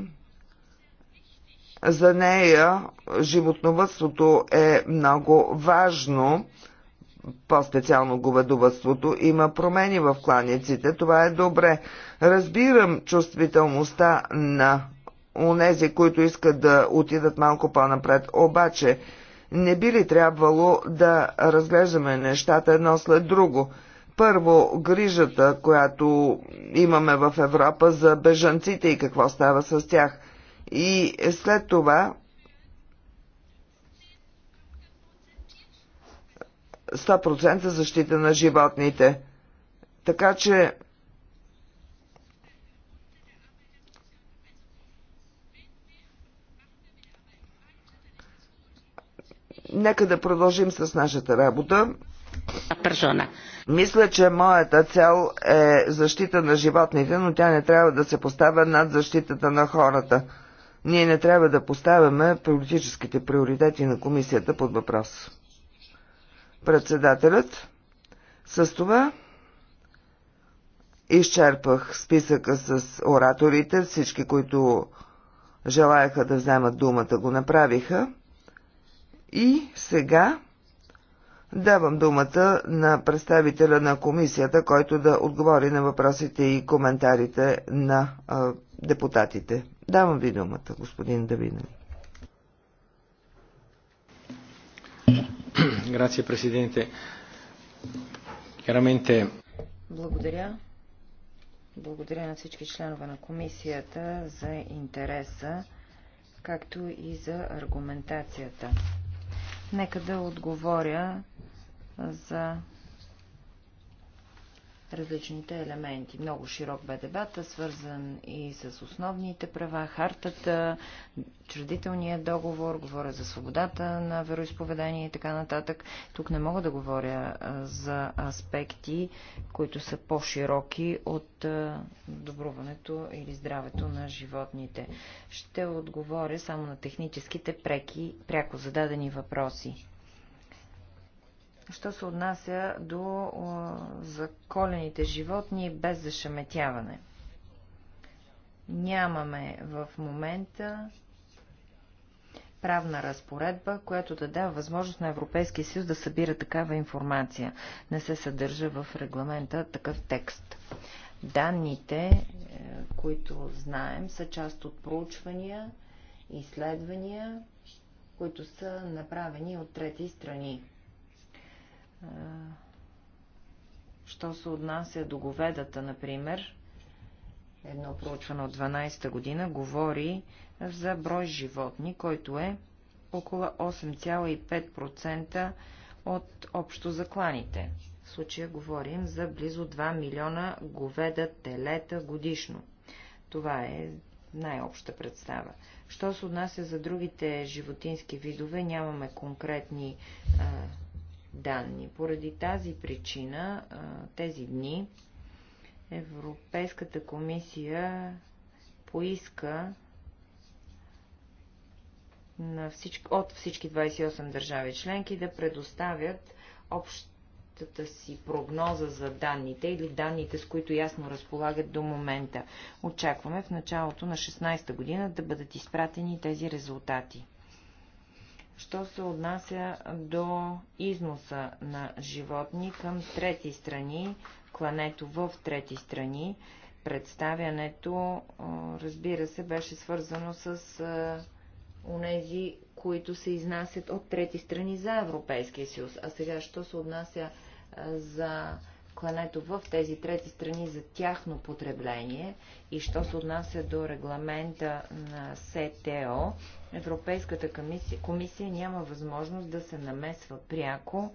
за нея животновътството е много важно, по-специално говедовътството. Има промени в кланиците, това е добре. Разбирам чувствителността на онези, които искат да отидат малко по-напред. Обаче, не би ли трябвало да разглеждаме нещата едно след друго? Първо, грижата, която имаме в Европа за бежанците и какво става с тях. И след това 100% защита на животните. Така че Нека да продължим с нашата работа. Мисля, че моята цел е защита на животните, но тя не трябва да се поставя над защитата на хората. Ние не трябва да поставяме политическите приоритети на комисията под въпрос. Председателят, с това изчерпах списъка с ораторите, всички, които желаяха да вземат думата, го направиха. И сега давам думата на представителя на комисията, който да отговори на въпросите и коментарите на а, депутатите. Давам ви думата, господин Давинов. Грация, президенте. Chiaramente... Благодаря. Благодаря на всички членове на комисията за интереса, както и за аргументацията. Нека да отговоря за различните елементи. Много широк бе дебата, свързан и с основните права, хартата, чредителния договор, говоря за свободата на вероисповедание и така нататък. Тук не мога да говоря за аспекти, които са по-широки от добруването или здравето на животните. Ще отговоря само на техническите преки, пряко зададени въпроси що се отнася до заколените животни без зашеметяване. Нямаме в момента правна разпоредба, която да дава възможност на Европейския съюз да събира такава информация. Не се съдържа в регламента такъв текст. Данните, е, които знаем, са част от проучвания, изследвания, които са направени от трети страни. Е, що се отнася до говедата, например, едно проучване от 12-та година говори за брой животни, който е около 8,5% от общо закланите. В случая говорим за близо 2 милиона говеда телета годишно. Това е най-обща представа. Що се отнася за другите животински видове, нямаме конкретни а, данни. Поради тази причина тези дни Европейската комисия поиска на всички, от всички 28 държави членки да предоставят общата си прогноза за данните или данните, с които ясно разполагат до момента. Очакваме в началото на 16-та година да бъдат изпратени тези резултати що се отнася до износа на животни към трети страни, клането в трети страни. Представянето, разбира се, беше свързано с онези, които се изнасят от трети страни за Европейския съюз. А сега, що се отнася за клането в тези трети страни за тяхно потребление и що се отнася до регламента на СТО, Европейската комисия, комисия няма възможност да се намесва пряко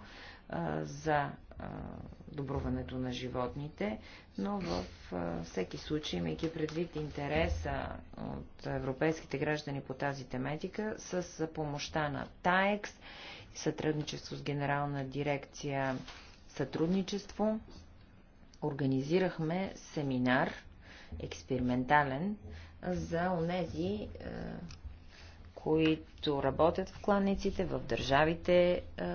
а, за а, добруването на животните, но в а, всеки случай, имайки предвид интереса от европейските граждани по тази тематика, с помощта на ТАЕКС, сътрудничество с Генерална дирекция сътрудничество организирахме семинар, експериментален, за онези, е, които работят в кланиците, в държавите, е,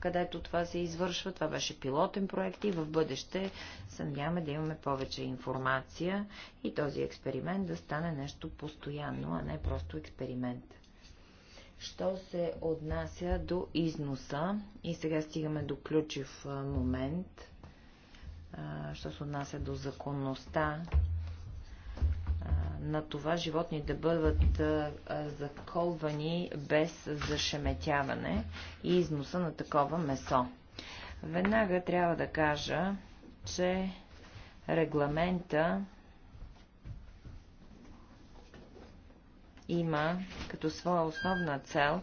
където това се извършва. Това беше пилотен проект и в бъдеще се надяваме да имаме повече информация и този експеримент да стане нещо постоянно, а не просто експеримент. Що се отнася до износа, и сега стигаме до ключов момент, що се отнася до законността на това животни да бъдат заколвани без зашеметяване и износа на такова месо. Веднага трябва да кажа, че регламента има като своя основна цел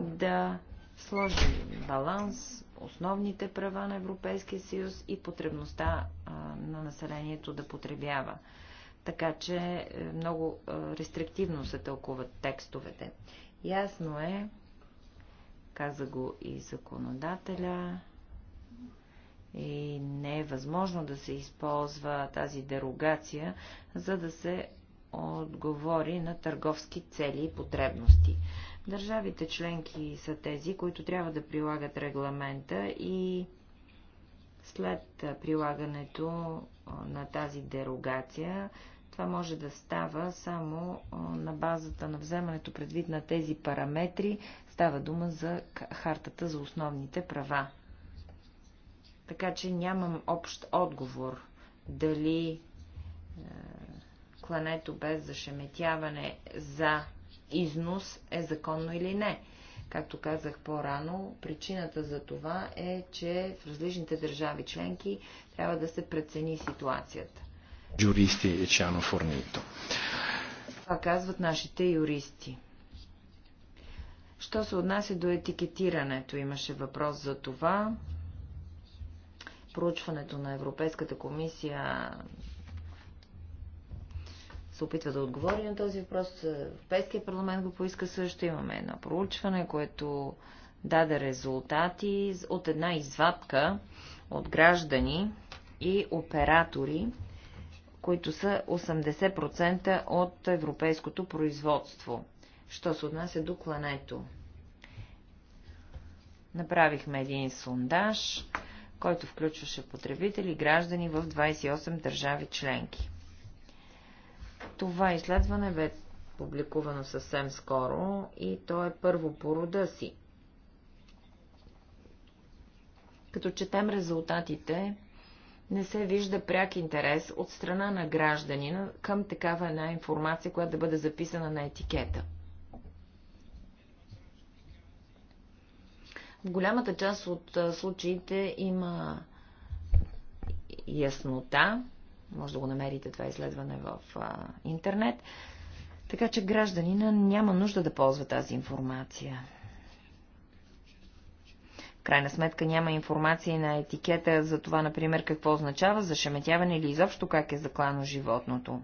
да сложи баланс основните права на Европейския съюз и потребността на населението да потребява. Така че е, много е, рестриктивно се тълкуват текстовете. Ясно е, каза го и законодателя, и не е възможно да се използва тази дерогация, за да се отговори на търговски цели и потребности. Държавите членки са тези, които трябва да прилагат регламента и след прилагането на тази дерогация, това може да става само на базата на вземането предвид на тези параметри. Става дума за хартата за основните права. Така че нямам общ отговор дали клането без зашеметяване за износ е законно или не. Както казах по-рано, причината за това е, че в различните държави членки трябва да се прецени ситуацията. Юристи е чано fornito. Това казват нашите юристи. Що се отнася до етикетирането, имаше въпрос за това. Проучването на Европейската комисия се опитва да отговори на този въпрос. Европейския парламент го поиска също. Имаме едно проучване, което даде резултати от една извадка от граждани и оператори, които са 80% от европейското производство. Що се отнася до клането? Направихме един сондаж, който включваше потребители и граждани в 28 държави членки. Това изследване бе публикувано съвсем скоро и то е първо по рода си. Като четем резултатите, не се вижда пряк интерес от страна на гражданина към такава една информация, която да бъде записана на етикета. В голямата част от случаите има яснота може да го намерите това изследване в а, интернет. Така че гражданина няма нужда да ползва тази информация. В крайна сметка няма информация на етикета за това, например, какво означава зашеметяване или изобщо как е заклано животното.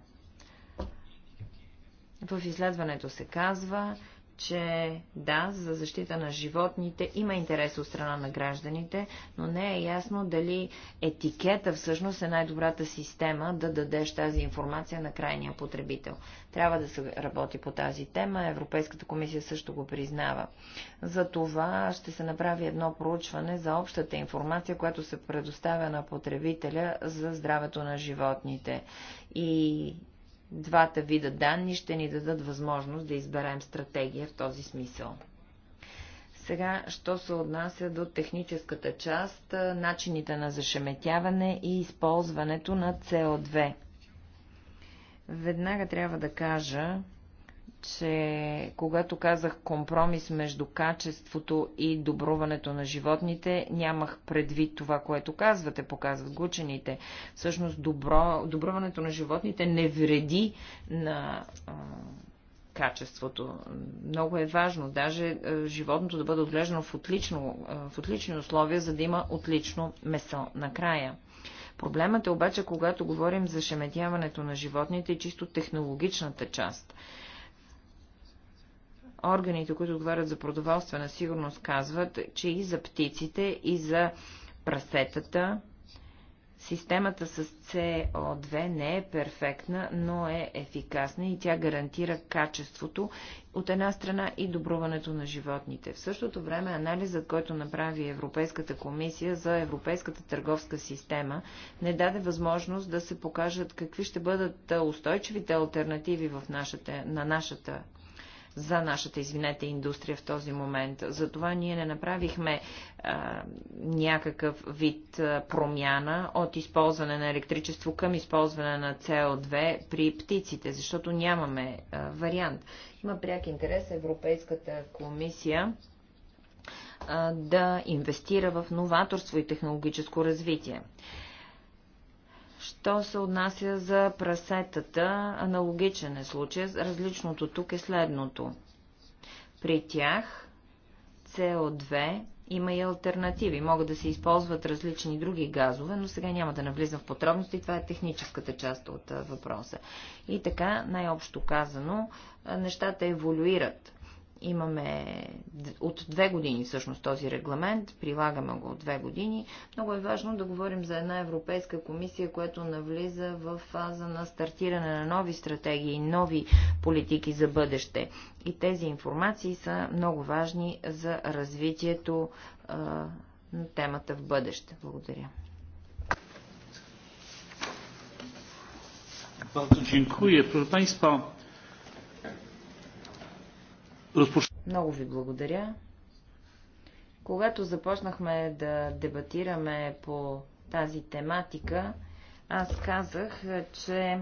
В изследването се казва, че да, за защита на животните има интерес от страна на гражданите, но не е ясно дали етикета всъщност е най-добрата система да дадеш тази информация на крайния потребител. Трябва да се работи по тази тема, Европейската комисия също го признава. За това ще се направи едно проучване за общата информация, която се предоставя на потребителя за здравето на животните. И Двата вида данни ще ни дадат възможност да изберем стратегия в този смисъл. Сега, що се отнася до техническата част, начините на зашеметяване и използването на CO2. Веднага трябва да кажа, че когато казах компромис между качеството и добруването на животните, нямах предвид това, което казвате, показват го учените. Всъщност добро, добруването на животните не вреди на а, качеството. Много е важно, даже а, животното да бъде отглеждано в, отлично, а, в отлични условия, за да има отлично месо накрая. Проблемът е обаче, когато говорим за шеметяването на животните и е чисто технологичната част – органите, които отговарят за продоволствена сигурност, казват, че и за птиците, и за прасетата системата с CO2 не е перфектна, но е ефикасна и тя гарантира качеството от една страна и добруването на животните. В същото време анализът, който направи Европейската комисия за Европейската търговска система, не даде възможност да се покажат какви ще бъдат устойчивите альтернативи в нашата, на нашата за нашата, извинете, индустрия в този момент. Затова ние не направихме а, някакъв вид а, промяна от използване на електричество към използване на CO2 при птиците, защото нямаме а, вариант. Има пряк интерес Европейската комисия а, да инвестира в новаторство и технологическо развитие. Що се отнася за прасетата, аналогичен е случай. Различното тук е следното. При тях CO2 има и альтернативи. Могат да се използват различни други газове, но сега няма да навлизам в подробности. Това е техническата част от въпроса. И така, най-общо казано, нещата еволюират. Имаме от две години всъщност този регламент, прилагаме го от две години. Много е важно да говорим за една Европейска комисия, която навлиза в фаза на стартиране на нови стратегии, нови политики за бъдеще. И тези информации са много важни за развитието а, на темата в бъдеще. Благодаря. Bardzo dziękuję. Proszę Państwa, много ви благодаря. Когато започнахме да дебатираме по тази тематика, аз казах, че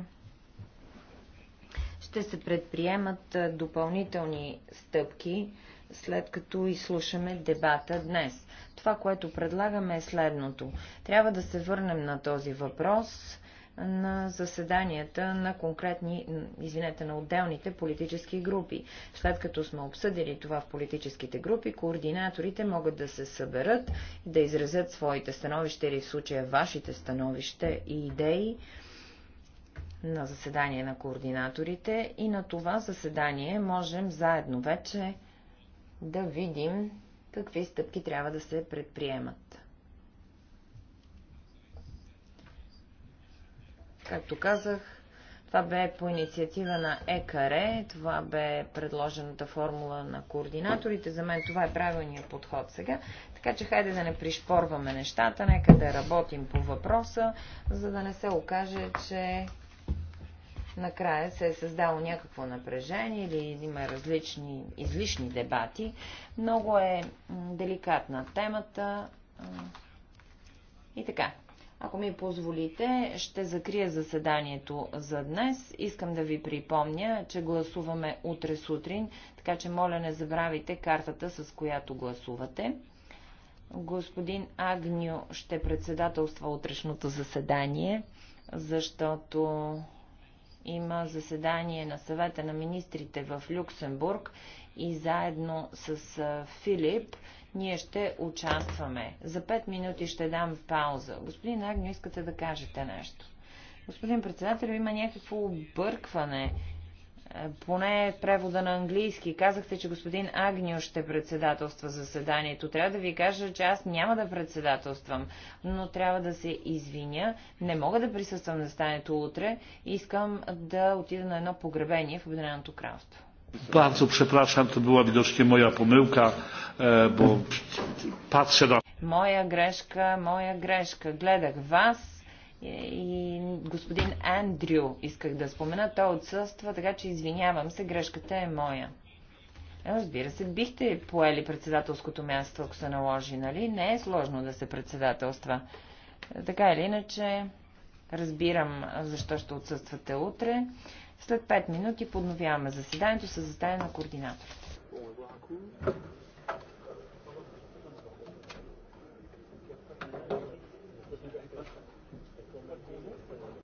ще се предприемат допълнителни стъпки, след като изслушаме дебата днес. Това, което предлагаме е следното. Трябва да се върнем на този въпрос на заседанията на конкретни, извинете, на отделните политически групи. След като сме обсъдили това в политическите групи, координаторите могат да се съберат да изразят своите становища или в случая вашите становища и идеи на заседание на координаторите и на това заседание можем заедно вече да видим какви стъпки трябва да се предприемат. Както казах, това бе по инициатива на ЕКАРЕ, това бе предложената формула на координаторите. За мен това е правилният подход сега. Така че хайде да не пришпорваме нещата, нека да работим по въпроса, за да не се окаже, че накрая се е създало някакво напрежение или има различни излишни дебати. Много е деликатна темата. И така, ако ми позволите, ще закрия заседанието за днес. Искам да ви припомня, че гласуваме утре сутрин, така че моля не забравяйте картата, с която гласувате. Господин Агню ще председателства утрешното заседание, защото има заседание на съвета на министрите в Люксембург и заедно с Филип ние ще участваме. За 5 минути ще дам пауза. Господин Агню, искате да кажете нещо? Господин председател, има някакво объркване. Е, поне превода на английски. Казахте, че господин Агню ще председателства заседанието. Трябва да ви кажа, че аз няма да председателствам, но трябва да се извиня. Не мога да присъствам на стането утре. Искам да отида на едно погребение в Обединеното кралство. Bardzo przepraszam, to była widocznie moja pomyłka, e, bo patrzę na... Моя грешка, моя грешка. Гледах вас и господин Андрю исках да спомена. Той отсъства, така че извинявам се, грешката е моя. Разбира се, бихте поели председателското място, ако се наложи, нали? Не е сложно да се председателства. Така или иначе, разбирам защо ще отсъствате утре. След 5 минути подновяваме заседанието с заседание на координаторите.